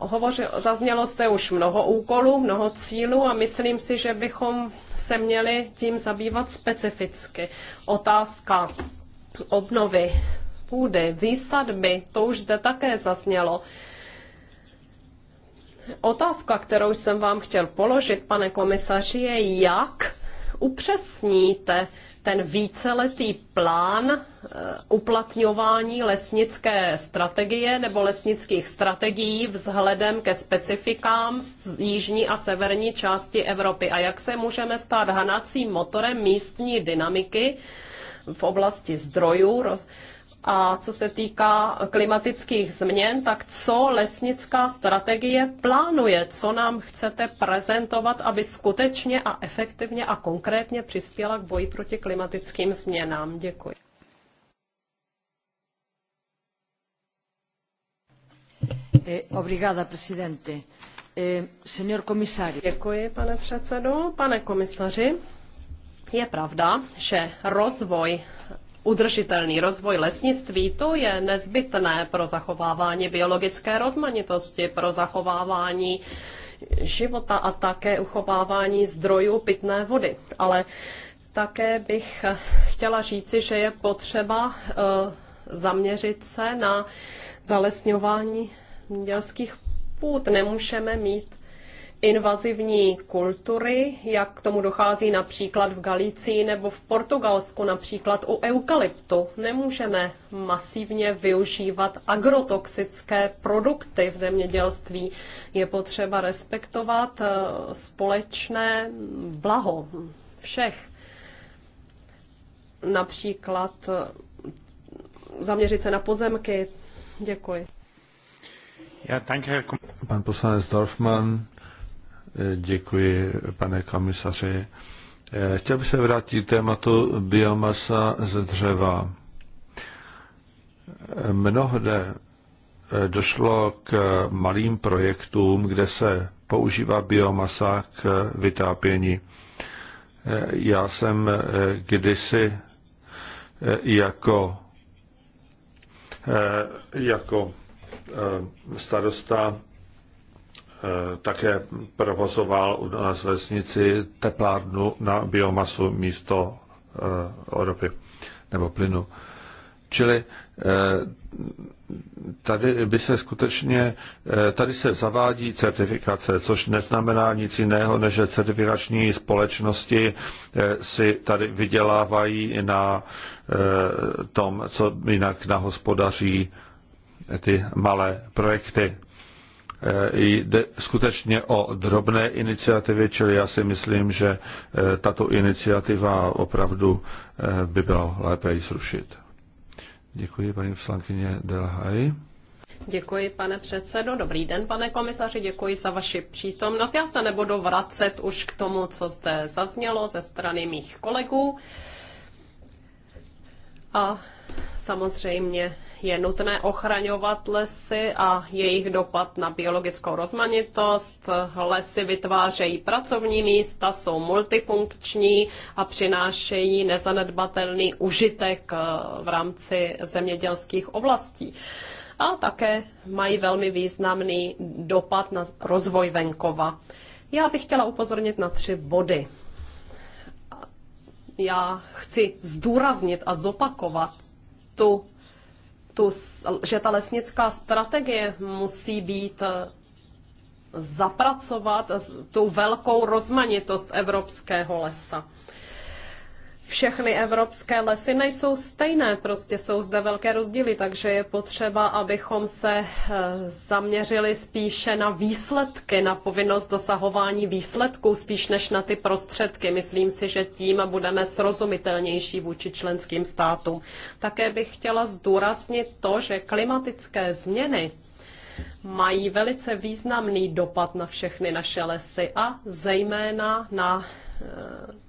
Hovořil, zaznělo zde už mnoho úkolů, mnoho cílů a myslím si, že bychom se měli tím zabývat specificky. Otázka obnovy půdy, výsadby, to už zde také zaznělo. Otázka, kterou jsem vám chtěl položit, pane komisaři, je, jak upřesníte ten víceletý plán eh, uplatňování lesnické strategie nebo lesnických strategií vzhledem ke specifikám z jižní a severní části Evropy a jak se můžeme stát hanacím motorem místní dynamiky v oblasti zdrojů a co se týká klimatických změn, tak co lesnická strategie plánuje? Co nám chcete prezentovat, aby skutečně a efektivně a konkrétně přispěla k boji proti klimatickým změnám? Děkuji. Eh, obrigada, presidente. Eh, Senior komisaři. Děkuji, pane předsedo. Pane komisaři, je pravda, že rozvoj udržitelný rozvoj lesnictví, to je nezbytné pro zachovávání biologické rozmanitosti, pro zachovávání života a také uchovávání zdrojů pitné vody. Ale také bych chtěla říci, že je potřeba eh, zaměřit se na zalesňování mělských půd. Nemůžeme mít invazivní kultury, jak k tomu dochází například v Galicii nebo v Portugalsku, například u eukalyptu. Nemůžeme masivně využívat agrotoxické produkty v zemědělství. Je potřeba respektovat eh, společné blaho všech. Například eh, zaměřit se na pozemky. Děkuji. Já, danke. Pan poslanec Dorfman. Děkuji, pane komisaři. Chtěl bych se vrátit tématu biomasa ze dřeva. Mnohde eh, došlo k malým projektům, kde se používá biomasa k vytápění. Eh, já jsem eh, kdysi jako, jako starosta Eh, také provozoval u nás vesnici teplárnu na biomasu místo eh, ropy nebo plynu. Čili eh, tady by se skutečně, tady se zavádí certifikace, což neznamená nic jiného, než že certifikační společnosti si tady vydělávají na tom, co jinak nahospodaří ty malé projekty. Eh, jde skutečně o drobné iniciativy, čili já si myslím, že eh, tato iniciativa opravdu eh, by bylo lépe ji zrušit. Děkuji, paní poslankyně Delhaj. Děkuji, pane předsedo. Dobrý den, pane komisaři. Děkuji za vaši přítomnost. Já se nebudu vracet už k tomu, co zde zaznělo ze strany mých kolegů. A samozřejmě je nutné ochraňovat lesy a jejich dopad na biologickou rozmanitost. Lesy vytvářejí pracovní místa, jsou multifunkční a přinášejí nezanedbatelný užitek eh, v rámci zemědělských oblastí. A také mají velmi významný dopad na rozvoj venkova. Já bych chtěla upozornit na tři body. Já chci zdůraznit a zopakovat tu tu, že ta lesnická strategie musí být eh, zapracovat tu velkou rozmanitost evropského lesa všechny evropské lesy nejsou stejné, prostě jsou zde velké rozdíly, takže je potřeba, abychom se eh, zaměřili spíše na výsledky, na povinnost dosahování výsledků, spíš než na ty prostředky. Myslím si, že tím budeme srozumitelnější vůči členským státům. Také bych chtěla zdůraznit to, že klimatické změny mají velice významný dopad na všechny naše lesy a zejména na eh,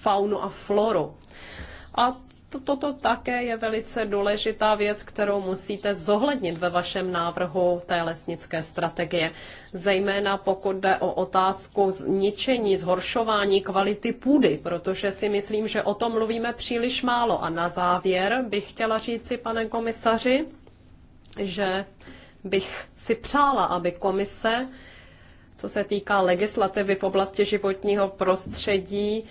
faunu a floru. A toto také je velice důležitá věc, kterou musíte zohlednit ve vašem návrhu té lesnické strategie. Zejména pokud jde o otázku zničení, zhoršování kvality půdy, protože si myslím, že o tom mluvíme příliš málo. A na závěr bych chtěla říci, pane komisaři, že bych si přála, aby komise, co se týká legislativy v oblasti životního prostředí,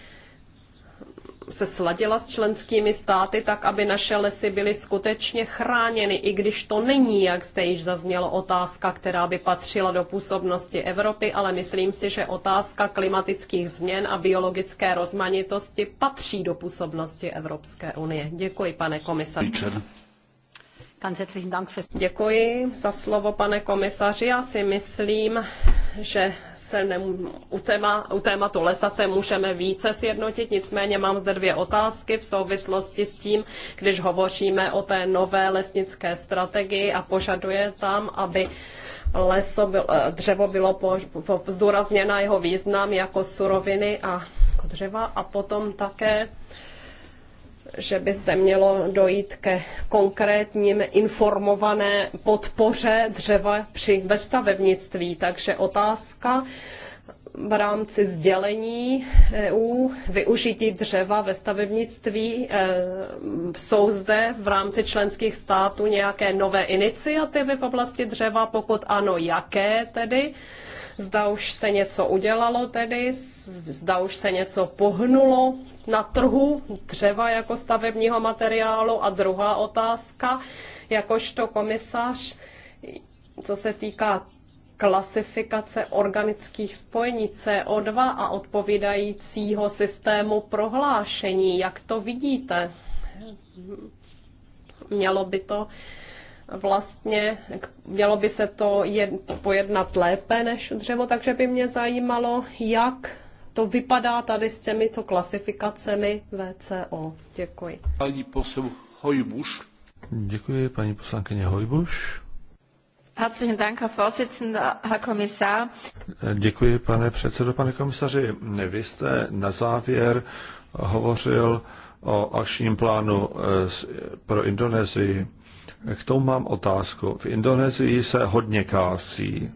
se sladila s členskými státy tak, aby naše lesy byly skutečně chráněny, i když to není, jak jste již zaznělo, otázka, která by patřila do působnosti Evropy, ale myslím si, že otázka klimatických změn a biologické rozmanitosti patří do působnosti Evropské unie. Děkuji, pane komisaři. Děkuji za slovo, pane komisaři. Já si myslím, že se nemů- u, téma, u tématu lesa se můžeme více sjednotit, nicméně mám zde dvě otázky v souvislosti s tím, když hovoříme o té nové lesnické strategii a požaduje tam, aby leso byl, eh, dřevo bylo po, po, zdůrazněna jeho význam jako suroviny a jako dřeva a potom také že by zde mělo dojít ke konkrétním informované podpoře dřeva při ve stavebnictví. Takže otázka v rámci sdělení EU využití dřeva ve stavebnictví. E, jsou zde v rámci členských států nějaké nové iniciativy v oblasti dřeva? Pokud ano, jaké tedy? Zda už se něco udělalo tedy, zda už se něco pohnulo na trhu dřeva jako stavebního materiálu. A druhá otázka, jakožto komisař, co se týká klasifikace organických spojení CO2 a odpovídajícího systému prohlášení. Jak to vidíte? Mělo by to vlastně mělo by se to jed, pojednat lépe než dřevo, takže by mě zajímalo, jak to vypadá tady s těmito klasifikacemi VCO. Děkuji. Paní posel Hojbuš. Děkuji, paní poslankyně Hojbuš. Děkuji, pane předsedo, pane komisaři. Vy jste na závěr hovořil o akčním plánu eh, pro Indonésii. K tomu mám otázku. V Indonésii se hodně kácí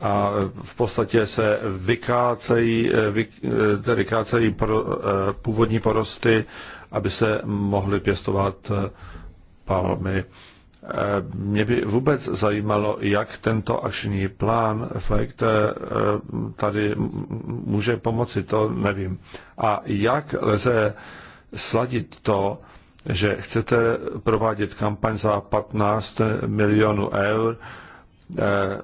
a v podstatě se vykácejí, eh, vy, eh, tedy vykácejí pro, eh, původní porosty, aby se mohly pěstovat palmy. Mě by vůbec zajímalo, jak tento akční plán FLEGT tady může pomoci, to nevím. A jak lze sladit to, že chcete provádět kampaň za 15 milionů eur eh, eh,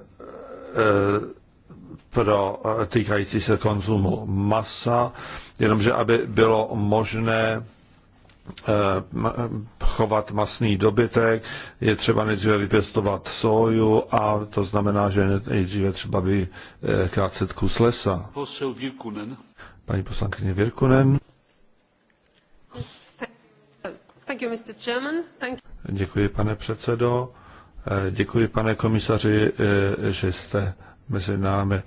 pro eh, týkající se konzumu masa, jenomže aby bylo možné chovat masný dobytek, je třeba nejdříve vypěstovat soju a to znamená, že nejdříve třeba krátce kus lesa. Paní poslankyně Virkunen. Děkuji, pane předsedo. Eh, děkuji, pane komisaři, eh, že jste mezi námi.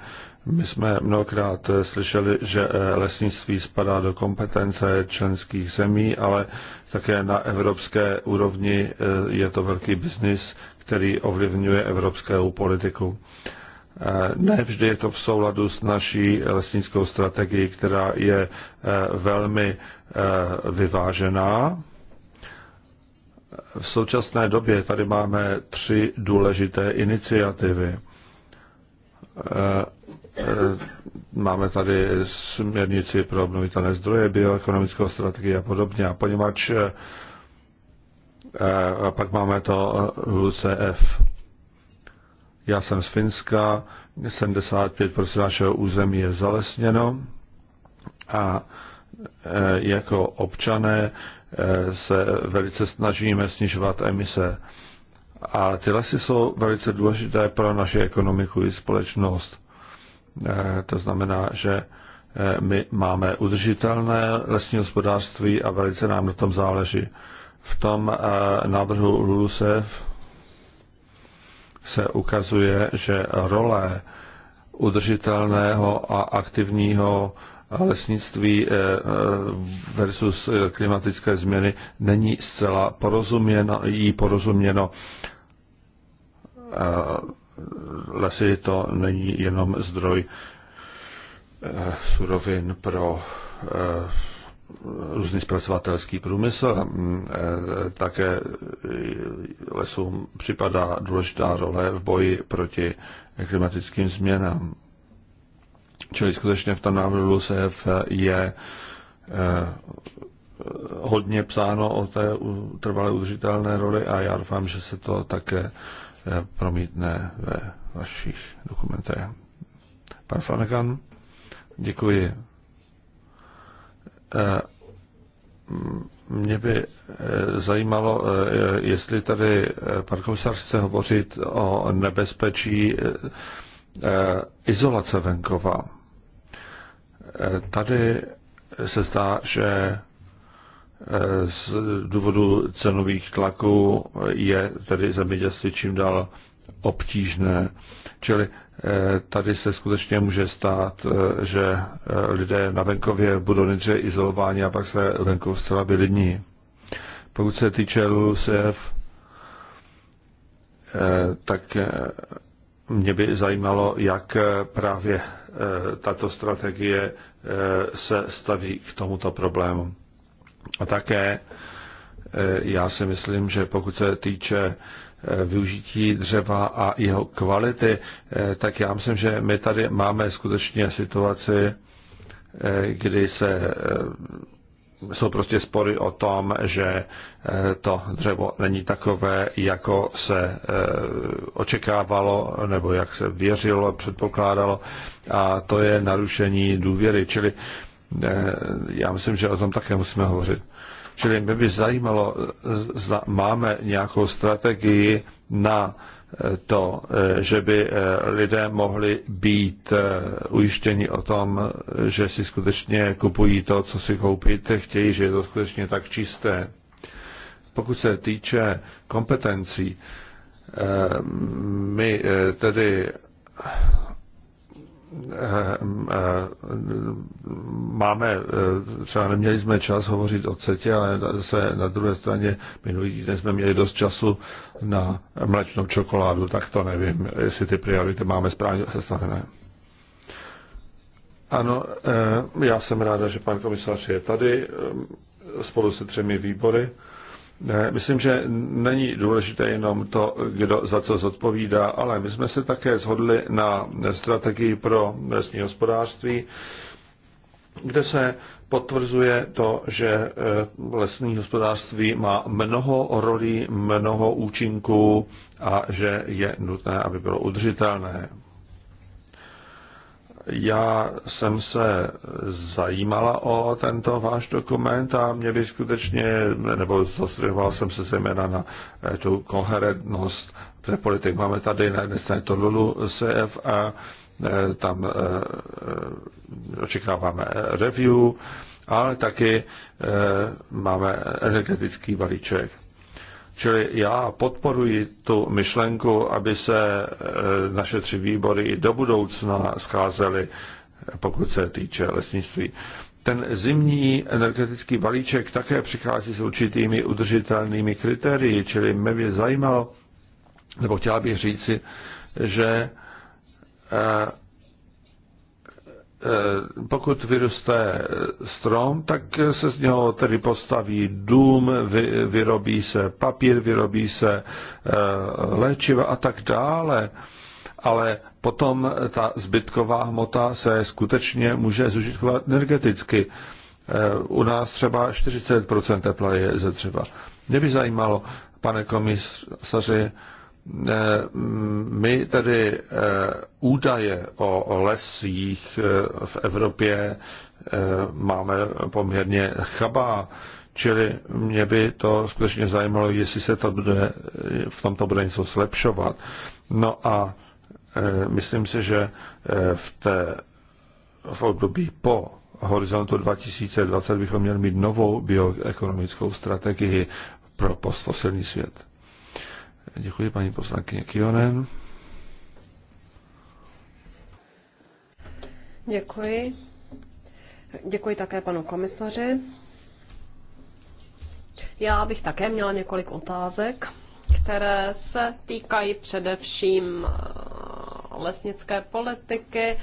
My jsme mnohokrát eh, slyšeli, že lesnictví spadá do kompetence členských zemí, ale také na evropské úrovni je to velký biznis, který ovlivňuje evropskou politiku. Ne vždy je to v souladu s naší lesnickou strategií, která je velmi vyvážená v současné době tady máme tři důležité iniciativy. Eh, eh, máme tady směrnici pro obnovitelné zdroje, bioekonomickou strategii a podobně. A poněvadž eh, a pak máme to LUCF. Já jsem z Finska, 75% našeho území je zalesněno a jako občané se velice snažíme snižovat emise. A ty lesy jsou velice důležité pro naši ekonomiku i společnost. Eh, to znamená, že eh, my máme udržitelné lesní hospodářství a velice nám na tom záleží. V tom eh, návrhu LULUSEV se ukazuje, že role udržitelného a aktivního lesnictví eh, eh, versus eh, klimatické změny není zcela porozuměno, jí porozuměno. Lesy to není jenom zdroj surovin pro různý zpracovatelský průmysl. Mm, také lesům připadá důležitá role v boji proti klimatickým změnám. Čili skutečně v tom návrhu LUSEF je eh, hodně psáno o té trvalé udržitelné roli a já doufám, že se to také eh, promítne ve vašich dokumentech. Pan Flanagan, děkuji. Eh, mě by zajímalo, jestli tady pan komisař chce hovořit o nebezpečí izolace venkova. Tady se zdá, že eh, z důvodu cenových tlaků je tedy zemědělství čím dál obtížné. Čili eh, tady se skutečně může stát, eh, že lidé na venkově budou nejdříve izolováni a pak se venkov zcela vylidní. Pokud se týče LULCF, tak mě by zajímalo, jak právě Eh, tato strategie eh, se staví k tomuto problému. A také eh, já si myslím, že pokud se týče využití dřeva a jeho kvality, tak já myslím, že my tady máme skutečně situaci, kdy se jsou prostě spory o tom, že eh, to dřevo není takové, jako se eh, očekávalo nebo jak se věřilo, předpokládalo a to je narušení důvěry. Čili eh, já myslím, že o tom také musíme hovořit. Čili mě by zajímalo, máme nějakou strategii na to, že by eh, lidé mohli být eh, ujištěni o tom, že si skutečně kupují to, co si koupit chtějí, že je to skutečně tak čisté. Pokud se týče kompetencí, eh, my tedy Eh, eh, máme, eh, třeba neměli jsme čas hovořit o CETě, ale zase na druhé straně minulý týden jsme měli dost času na mlečnou čokoládu, tak to nevím, jestli ty priority máme správně sestavené. Ano, já jsem ráda, že pan komisař je tady spolu se třemi výbory Myslím, že není důležité jenom to, kdo za co zodpovídá, ale my jsme se také shodli na strategii pro lesní hospodářství, kde se potvrzuje to, že eh, lesní hospodářství má mnoho rolí, mnoho účinků a že je nutné, aby bylo udržitelné. Já jsem se zajímala o tento váš dokument a mě by skutečně, nebo zostřehoval jsem se zejména na eh, tu koherentnost politik. Máme tady na jedné straně Tolulu CF a eh, tam eh, očekáváme review, ale taky máme energetický balíček. Čili já podporuji tu myšlenku, aby se e, naše tři výbory i do budoucna scházely, pokud se týče lesnictví. Ten zimní energetický balíček také přichází s určitými udržitelnými kritérii, čili mě by zajímalo, nebo chtěla bych říci, že e, Eh, pokud vyroste strom, tak se z něho tedy postaví dům, vy, vyrobí se papír, vyrobí se eh, léčiva a tak dále. Ale potom ta zbytková hmota se skutečně může zužitkovat energeticky. Eh, u nás třeba 40 tepla je ze dřeva. Mě by zajímalo, pane komisaři, Eh, mm, my tedy eh, údaje o lesích eh, v Evropě máme poměrně chabá, čili mě by to skutečně zajímalo, jestli se to bude, v tomto bude něco zlepšovat. No a myslím si, že v, té, v období po horizontu 2020 bychom měli mít novou bioekonomickou strategii pro postfosilní svět. Děkuji paní poslankyně Kionen. Děkuji. Děkuji také panu komisaři. Já bych také měla několik otázek, které se týkají především eh, lesnické politiky,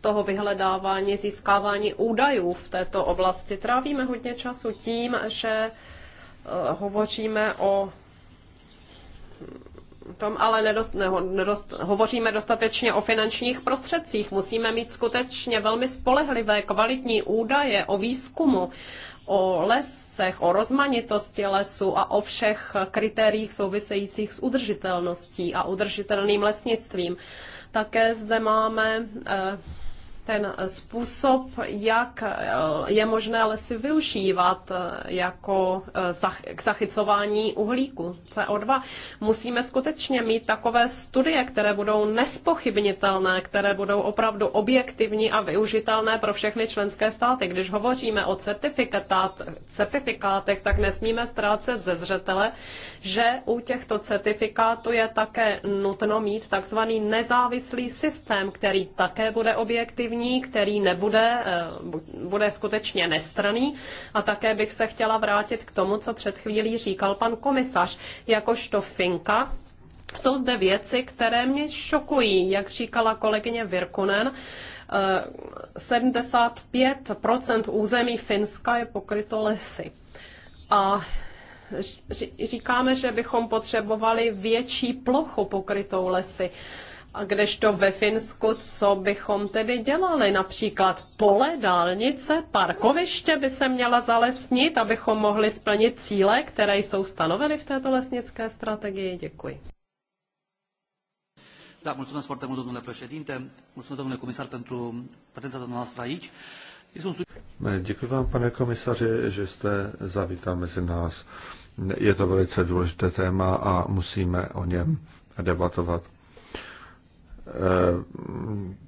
toho vyhledávání, získávání údajů v této oblasti. Trávíme hodně času tím, že eh, hovoříme o tom ale nedost, ne, nedost, hovoříme dostatečně o finančních prostředcích. Musíme mít skutečně velmi spolehlivé, kvalitní údaje o výzkumu, o lesech, o rozmanitosti lesu a o všech kritériích souvisejících s udržitelností a udržitelným lesnictvím. Také zde máme. Eh, ten způsob, jak eh, je možné lesy využívat eh, jako eh, k zachycování uhlíku CO2. Musíme skutečně mít takové studie, které budou nespochybnitelné, které budou opravdu objektivní a využitelné pro všechny členské státy. Když hovoříme o certifikátech, tak nesmíme ztrácet ze zřetele, že u těchto certifikátů je také nutno mít takzvaný nezávislý systém, který také bude objektivní objektivní, který nebude, eh, bude skutečně nestraný. A také bych se chtěla vrátit k tomu, co před chvílí říkal pan komisař, jakožto Finka, jsou zde věci, které mě šokují, jak říkala kolegyně Virkunen. 75% eh, území Finska je pokryto lesy. A říkáme, že bychom potřebovali větší plochu pokrytou lesy. A kdežto ve Finsku, co bychom tedy dělali? Například pole, dálnice, parkoviště by se měla zalesnit, abychom mohli splnit cíle, které jsou stanoveny v této lesnické strategii. Děkuji. Da, mulțumesc foarte mult, domnule președinte. Mulțumesc, domnule comisar, pentru prezența dumneavoastră aici. Děkuji vám, pane komisaři, že jste zavítal mezi nás. Je to velice důležité téma a musíme o něm debatovat. Eh,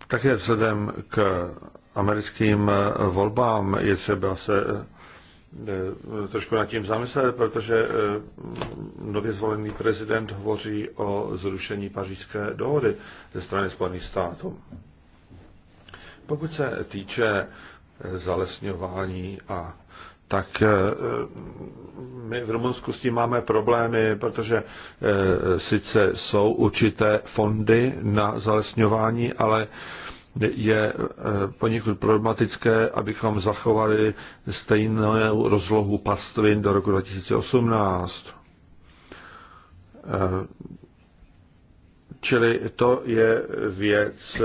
Také vzhledem k americkým eh, volbám je třeba se eh, trošku nad tím zamyslet, protože nově zvolený prezident hovoří o zrušení pařížské dohody ze strany Spojených států. Pokud se týče zalesňování a tak eh, my v Rumunsku s tím máme problémy, protože eh, sice jsou určité fondy na zalesňování, ale je eh, poněkud problematické, abychom zachovali stejnou rozlohu pastvin do roku 2018. Čili to je věc,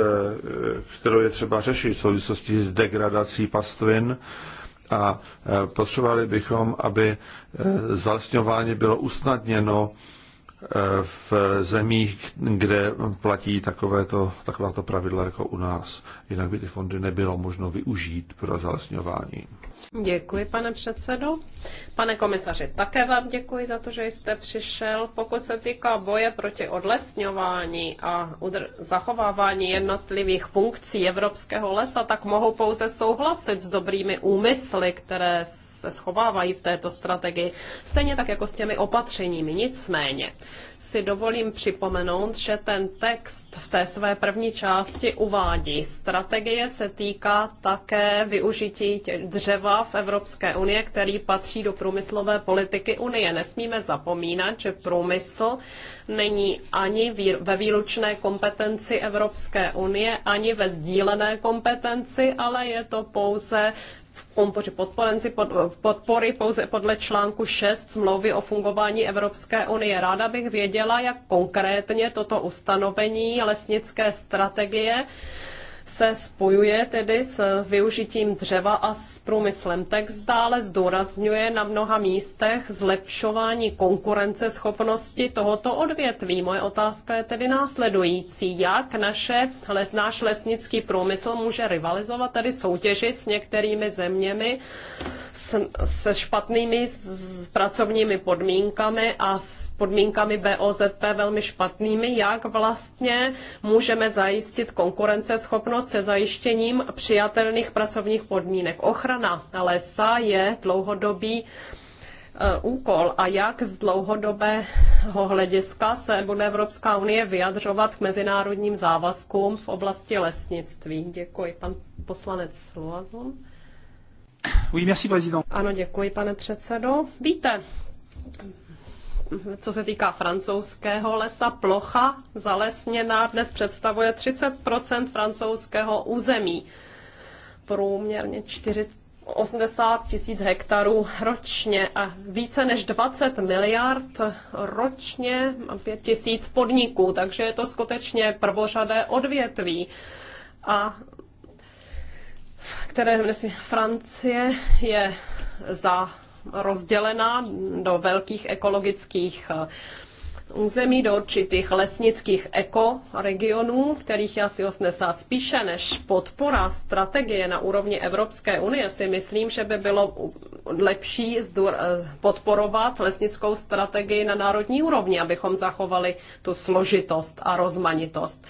kterou je třeba řešit v souvislosti s degradací pastvin a e, potřebovali bychom, aby e, zalesňování bylo usnadněno v zemích, kde platí takovéto, takováto pravidla jako u nás. Jinak by ty fondy nebylo možno využít pro zalesňování. Děkuji, pane předsedo. Pane komisaři, také vám děkuji za to, že jste přišel. Pokud se týká boje proti odlesňování a zachovávání jednotlivých funkcí Evropského lesa, tak mohu pouze souhlasit s dobrými úmysly, které se schovávají v této strategii, stejně tak jako s těmi opatřeními. Nicméně si dovolím připomenout, že ten text v té své první části uvádí. Strategie se týká také využití dřeva v Evropské unii, který patří do průmyslové politiky Unie. Nesmíme zapomínat, že průmysl není ani ve výlučné kompetenci Evropské unie, ani ve sdílené kompetenci, ale je to pouze podporenci podpory pouze podle článku 6 smlouvy o fungování Evropské unie. Ráda bych věděla, jak konkrétně toto ustanovení lesnické strategie se spojuje tedy s využitím dřeva a s průmyslem. Text dále zdůrazňuje na mnoha místech zlepšování konkurenceschopnosti tohoto odvětví. Moje otázka je tedy následující. Jak naše, les, náš lesnický průmysl může rivalizovat, tedy soutěžit s některými zeměmi s, se špatnými s pracovními podmínkami a s podmínkami BOZP velmi špatnými? Jak vlastně můžeme zajistit konkurenceschopnost spojená se zajištěním přijatelných pracovních podmínek. Ochrana lesa je dlouhodobý eh, úkol a jak z dlouhodobého hlediska se bude Evropská unie vyjadřovat k mezinárodním závazkům v oblasti lesnictví. Děkuji. Pan poslanec Loazon. Oui, merci, président. Ano, děkuji, pane předsedo. Víte, co se týká francouzského lesa, plocha zalesněná dnes představuje 30 francouzského území. Průměrně 80 tisíc hektarů ročně a více než 20 miliard ročně a 5 tisíc podniků, takže je to skutečně prvořadé odvětví. A které Francie je za rozdělena do velkých ekologických eh, území, do určitých lesnických ekoregionů, kterých je asi 80 spíše než podpora strategie na úrovni Evropské unie, si myslím, že by bylo lepší eh, podporovat lesnickou strategii na národní úrovni, abychom zachovali tu složitost a rozmanitost.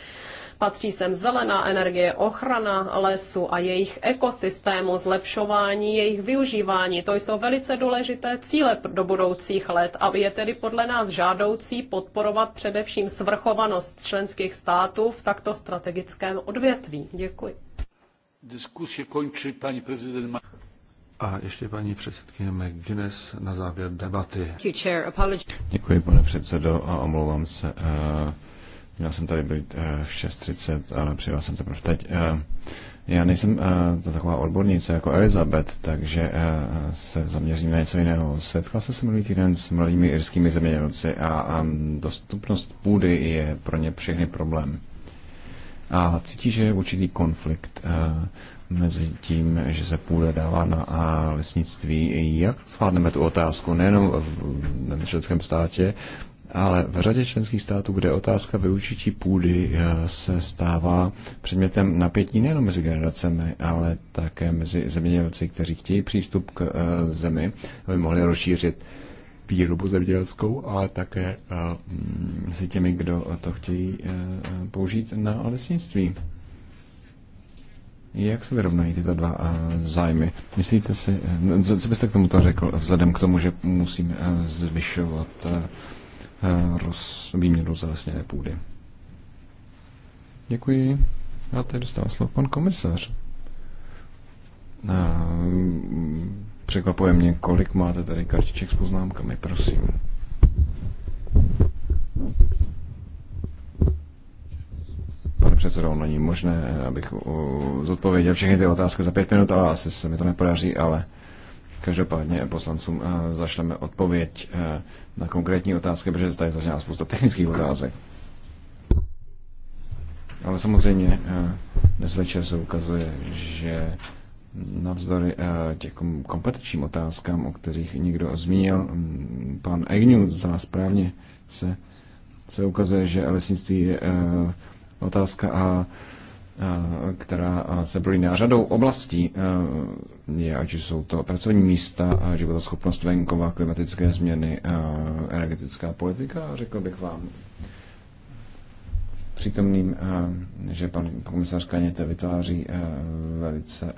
Patří sem zelená energie, ochrana lesů a jejich ekosystému, zlepšování jejich využívání. To jsou velice důležité cíle do budoucích let a je tedy podle nás žádoucí podporovat především svrchovanost členských států v takto strategickém odvětví. Děkuji. Diskusie končí paní prezident. A ještě paní předsedkyně McGuinness na závěr debaty. Děkuji, pane předsedo, a omlouvám se eh, Měl jsem tady být eh, v 6.30, ale přijel jsem teprve teď. Eh, já nejsem eh, to taková odbornice jako Elizabeth, takže se zaměřím na něco jiného. Setkal jsem se minulý týden s mladými irskými zemědělci a dostupnost půdy je pro ně všechny problém. A cítí, že je určitý konflikt mezi tím, že se půda dává na lesnictví. Jak zvládneme tu otázku nejenom v, v členském státě, ale v řadě členských států, kde otázka využití půdy eh, se stává předmětem napětí nejen mezi generacemi, ale také mezi zemědělci, kteří chtějí přístup k eh, zemi, aby mohli rozšířit výrobu zemědělskou, ale také eh, mm, si těmi, kdo to chtějí použít na lesnictví. Jak se vyrovnají tyto dva zájmy? Myslíte si, no, co byste k tomuto řekl, vzhledem k tomu, že musíme zvyšovat roz, výměru zalesněné půdy. Děkuji. Já teď dostal slovo pan komisař. A, překvapuje mě, kolik máte tady kartiček s poznámkami, prosím. Pane předsedo, není možné, abych zodpověděl všechny ty otázky za pět minut, ale asi se mi to nepodaří, ale Každopádně poslancům eh, zašleme odpověď eh, na konkrétní otázky, protože tady začíná spousta technických otázek. Ale samozřejmě eh, dnes večer se ukazuje, že navzdory těch kompetičním otázkám, o kterých někdo zmínil, mm, pan Egnu za správně se, se ukazuje, že lesnictví je otázka a Eh, která se prolíná řadou oblastí, eh, je, ať jsou to pracovní místa, životoschopnost venkova, klimatické změny, eh, energetická politika, řekl bych vám přítomným, že pan komisař Kaněte vytváří velice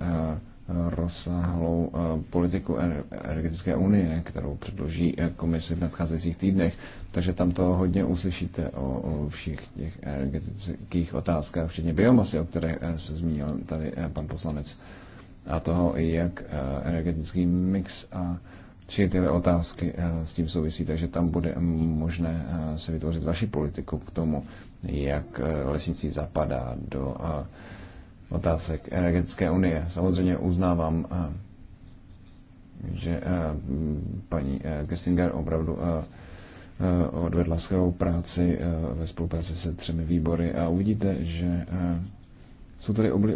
rozsáhlou eh, politiku energetické unie, kterou předloží eh, komisi v nadcházejících týdnech. Takže tam to hodně uslyšíte o všech těch energetických otázkách, včetně biomasy, o které eh, se zmínil tady pan poslanec, a toho, jak energetický mix a všechny tyhle otázky s tím souvisí, takže tam bude možné se vytvořit vaši politiku k tomu, jak lesnictví zapadá do otázek energetické unie. Samozřejmě uznávám, eh, že eh, paní Kestinger eh, opravdu odvedla skvělou práci ve spolupráci se třemi výbory a uvidíte, že jsou tady obli-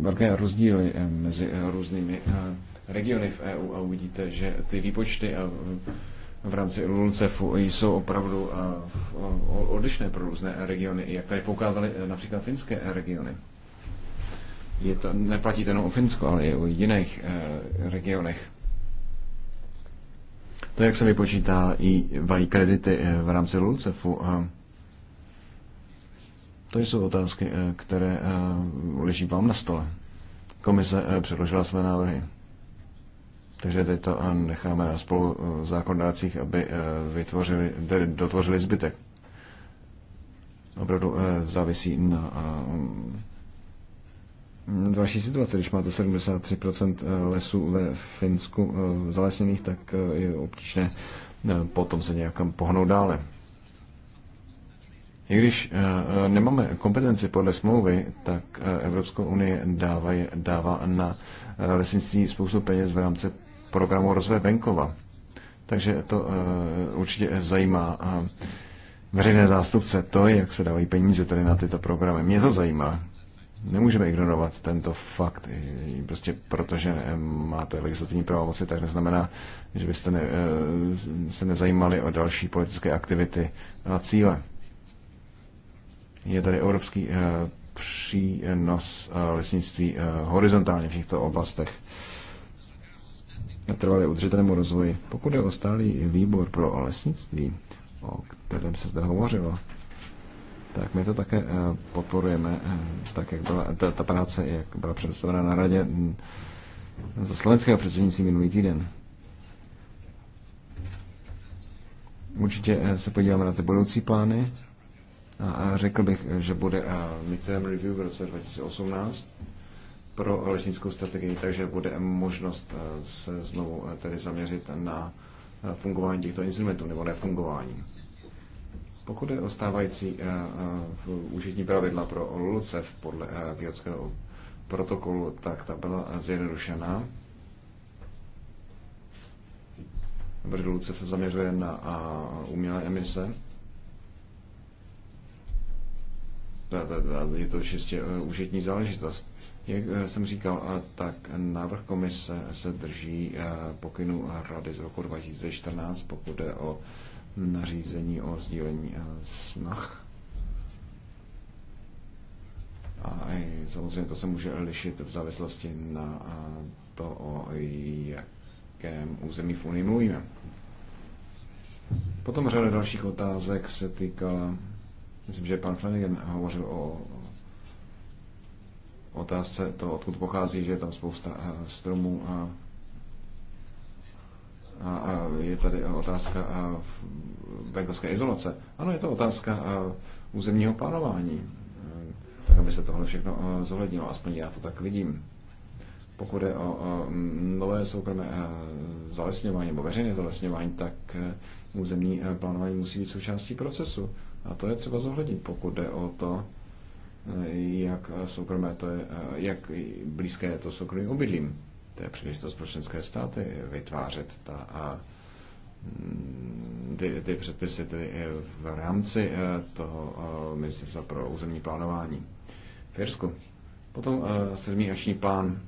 velké rozdíly mezi různými regiony v EU a uvidíte, že ty výpočty a v rámci LULCEFu jsou opravdu odlišné pro různé regiony, jak tady poukázali například finské regiony je to, neplatí to jenom o Finsku, ale i o jiných e, regionech. To, jak se vypočítá i vají kredity eh, v rámci LULCEFu, eh, to jsou otázky, které leží vám na stole. Komise předložila své návrhy. Takže teď to necháme na spolu zákonodácích, aby vytvořili, dotvořili zbytek. Opravdu závisí na vaší mm, situace, když máte 73% eh, lesů ve Finsku eh, zalesněných, tak eh, je obtížné potom se nějakam pohnout dále. I když nemáme kompetenci podle smlouvy, tak Evropskou unie dává, dává na lesnictví spoustu peněz v rámci programu rozvoje venkova. Takže to určitě zajímá veřejné zástupce, to, jak se dávají peníze tady na tyto programy. Mě to zajímá. Nemůžeme ignorovat tento fakt. Prostě protože máte legislativní pravomoci, tak neznamená, že byste ne, eh, se nezajímali o další politické aktivity a cíle. Je tady evropský eh, přínos eh, lesnictví horizontálně v těchto oblastech trvalé udržitelnému rozvoji. Pokud je o stálý výbor pro lesnictví, o kterém se zde hovořilo, tak my to také eh, podporujeme, eh, tak jak byla ta, ta práce, jak byla představena na radě mm, za slovenského předsednictví minulý týden. Určitě eh, se podíváme na ty budoucí plány a řekl bych, že bude midterm review v roce 2018 pro lesnickou strategii, takže bude možnost se znovu tedy zaměřit na fungování těchto instrumentů nebo nefungování. Pokud je uh, uh, užitní pravidla pro LULCEF podle eh, Kyotského protokolu, tak ta byla zjednodušená. Protože LULCEF se zaměřuje na umělé emise. Je to čistě užitní eh, záležitost. Jak eh, jsem říkal, tak návrh komise se drží pokynu Rady z roku 2014, pokud jde o nařízení o sdílení eh, snah. A samozřejmě to se může lišit v závislosti na eh, to, o jakém území v Unii mluvíme. Potom řada dalších otázek se týkala, myslím, že pan Flanagan hovořil o otázce to, odkud pochází, že je tam spousta eh, stromů a a je tady otázka venkovské izolace. Ano, je to otázka územního plánování, e, tak aby se tohle všechno e, zohlednilo, aspoň já to tak vidím. Pokud je o nové soukromé e, zalesňování nebo veřejné zalesňování, tak územní plánování musí být součástí procesu. A to je třeba zohlednit, pokud jde o to, jak soukromé to je, jak blízké je to soukromým obydlím to je příležitost pro členské státy vytvářet ta a mm, ty, ty předpisy tedy v rámci eh, toho eh, ministerstva pro územní plánování v Jirsku. Potom eh, sedmý ační plán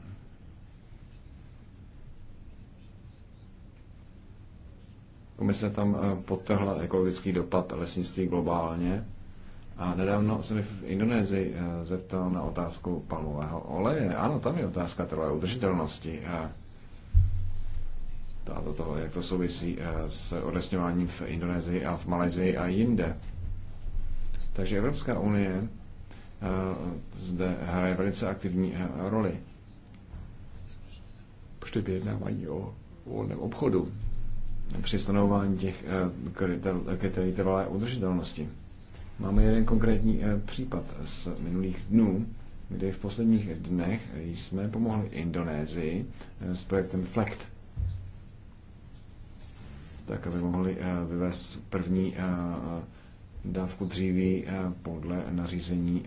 Komise tam potrhla ekologický dopad lesnictví globálně a nedávno jsem v Indonésii eh, zeptal na otázku palmového oleje. Ano, tam je otázka trvalé udržitelnosti. A to, jak to souvisí eh, s odesňováním v Indonésii a v Malajzii a jinde. Takže Evropská unie eh, zde hraje velice aktivní roli při vyjednávání o volném obchodu, při stanovování těch kritérií trvalé udržitelnosti. Máme jeden konkrétní eh, případ z minulých dnů, kdy v posledních dnech jsme pomohli Indonésii eh, s projektem FLECT, tak aby mohli eh, vyvést první dávku dříví podle nařízení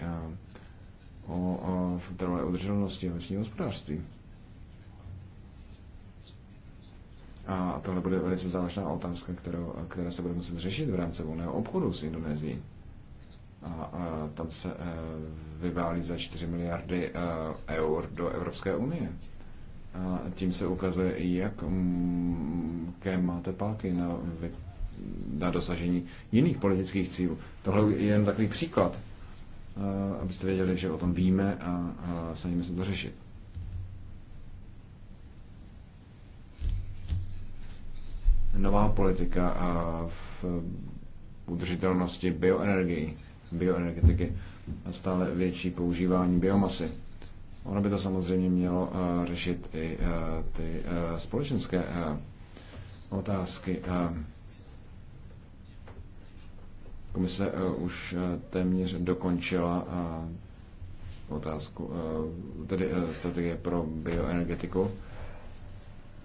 o trvalé udržitelnosti lesního hospodářství. A tohle bude velice závažná otázka, kterou, která se bude muset řešit v rámci volného obchodu s Indonésií a e, tam se e, vyválí za 4 miliardy e, eur do Evropské unie. A tím se ukazuje, jak jaké máte páky na, na dosažení jiných politických cílů. Tohle je jen takový příklad, abyste věděli, že o tom víme a, a snažíme se to řešit. Nová politika v udržitelnosti bioenergii bioenergetiky a stále větší používání biomasy. Ono by to samozřejmě mělo eh, řešit i eh, ty eh, společenské otázky. Komise už téměř dokončila otázku, tedy strategie pro bioenergetiku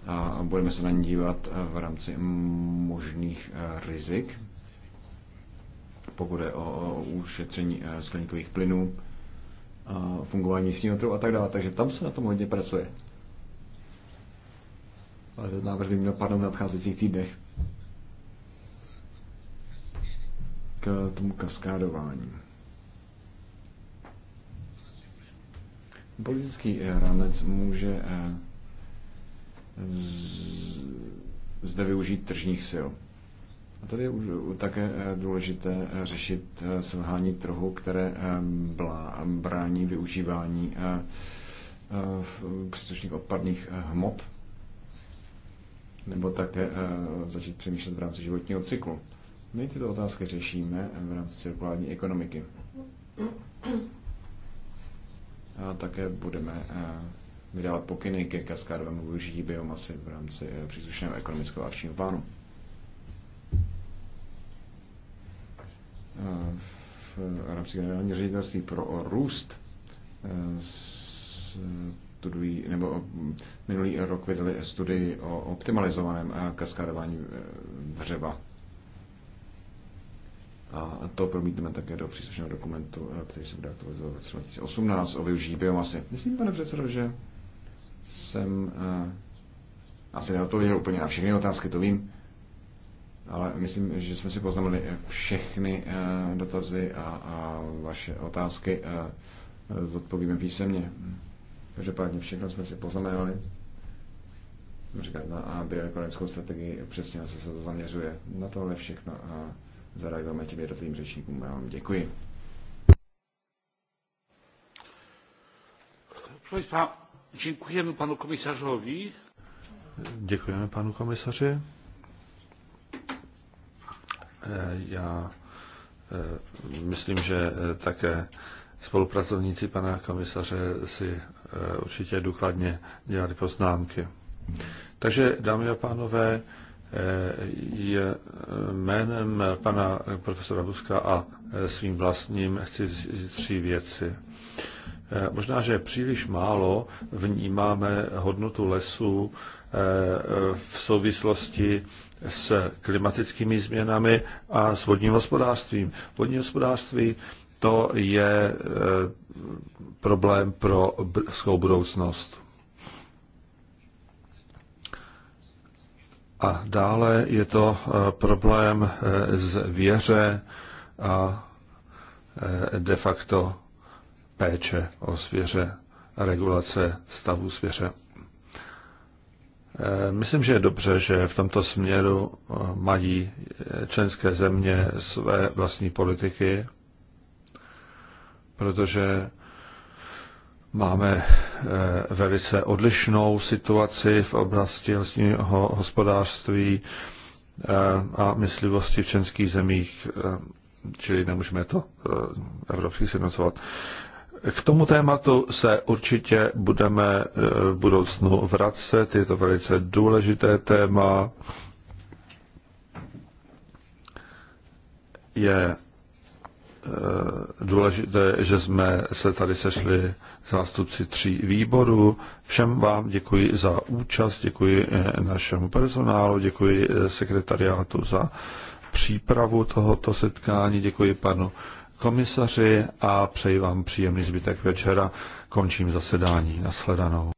a budeme se na ní dívat v rámci možných rizik pokud je o ušetření eh, skleníkových plynů, fungování místního trhu a tak dále. Takže tam se na tom hodně pracuje. Ale ten návrh by měl padnout v nadcházejících týdnech k tomu kaskádování. Politický eh, rámec může eh, zde využít tržních sil. A tady je také eh, důležité eh, řešit eh, selhání trhu, které brání využívání příslušných odpadných hmot, nebo také začít přemýšlet v rámci životního cyklu. My tyto otázky řešíme v rámci cirkulární ekonomiky. A také budeme vydávat pokyny ke kaskádovému využití biomasy v rámci příslušného ekonomického akčního plánu. v Arabské generální ředitelství pro růst eh, studují, nebo eh, minulý rok vydali studii o optimalizovaném eh, kaskádování dřeva. A to promítneme také do příslušného dokumentu, který se bude aktualizovat v roce 2018 o využití biomasy. Myslím, pane předsedo, že jsem asi neodpověděl úplně na všechny otázky, to vím ale myslím, že jsme si poznamenali eh, všechny eh, dotazy a, a vaše otázky eh, zodpovíme písemně. Každopádně všechno jsme si poznamenali. Říkat na bioekonomickou strategii přesně na co se to zaměřuje. Na tohle všechno a zareagujeme těm jednotlivým řečníkům. Já vám děkuji. Děkujeme panu komisařovi. Děkujeme panu komisaři. Eh, já eh, myslím, že eh, také spolupracovníci pana komisaře si určitě důkladně dělali poznámky. Takže, dámy a pánové, je jménem pana profesora Buska a svým vlastním chci tři věci. Možná, že příliš málo vnímáme hodnotu lesů Eh, v souvislosti s klimatickými změnami a s vodním hospodářstvím. Vodní hospodářství to je eh, problém pro brzkou budoucnost. A dále je to eh, problém z věře a de facto péče o svěře, regulace stavu svěře. Eh, myslím, že je dobře, že v tomto směru eh, mají eh, členské země své vlastní politiky, protože máme velice odlišnou situaci v oblasti lesního hospodářství a myslivosti v členských zemích, čili nemůžeme to evropsky sjednocovat. K tomu tématu se určitě budeme eh, v budoucnu vracet. Je to velice důležité téma. Je eh, důležité, že jsme se tady sešli zástupci tří výborů. Všem vám děkuji za účast, děkuji eh, našemu personálu, děkuji sekretariátu za přípravu tohoto setkání, děkuji panu komisaři a přeji vám příjemný zbytek večera. Končím zasedání. Nashledanou.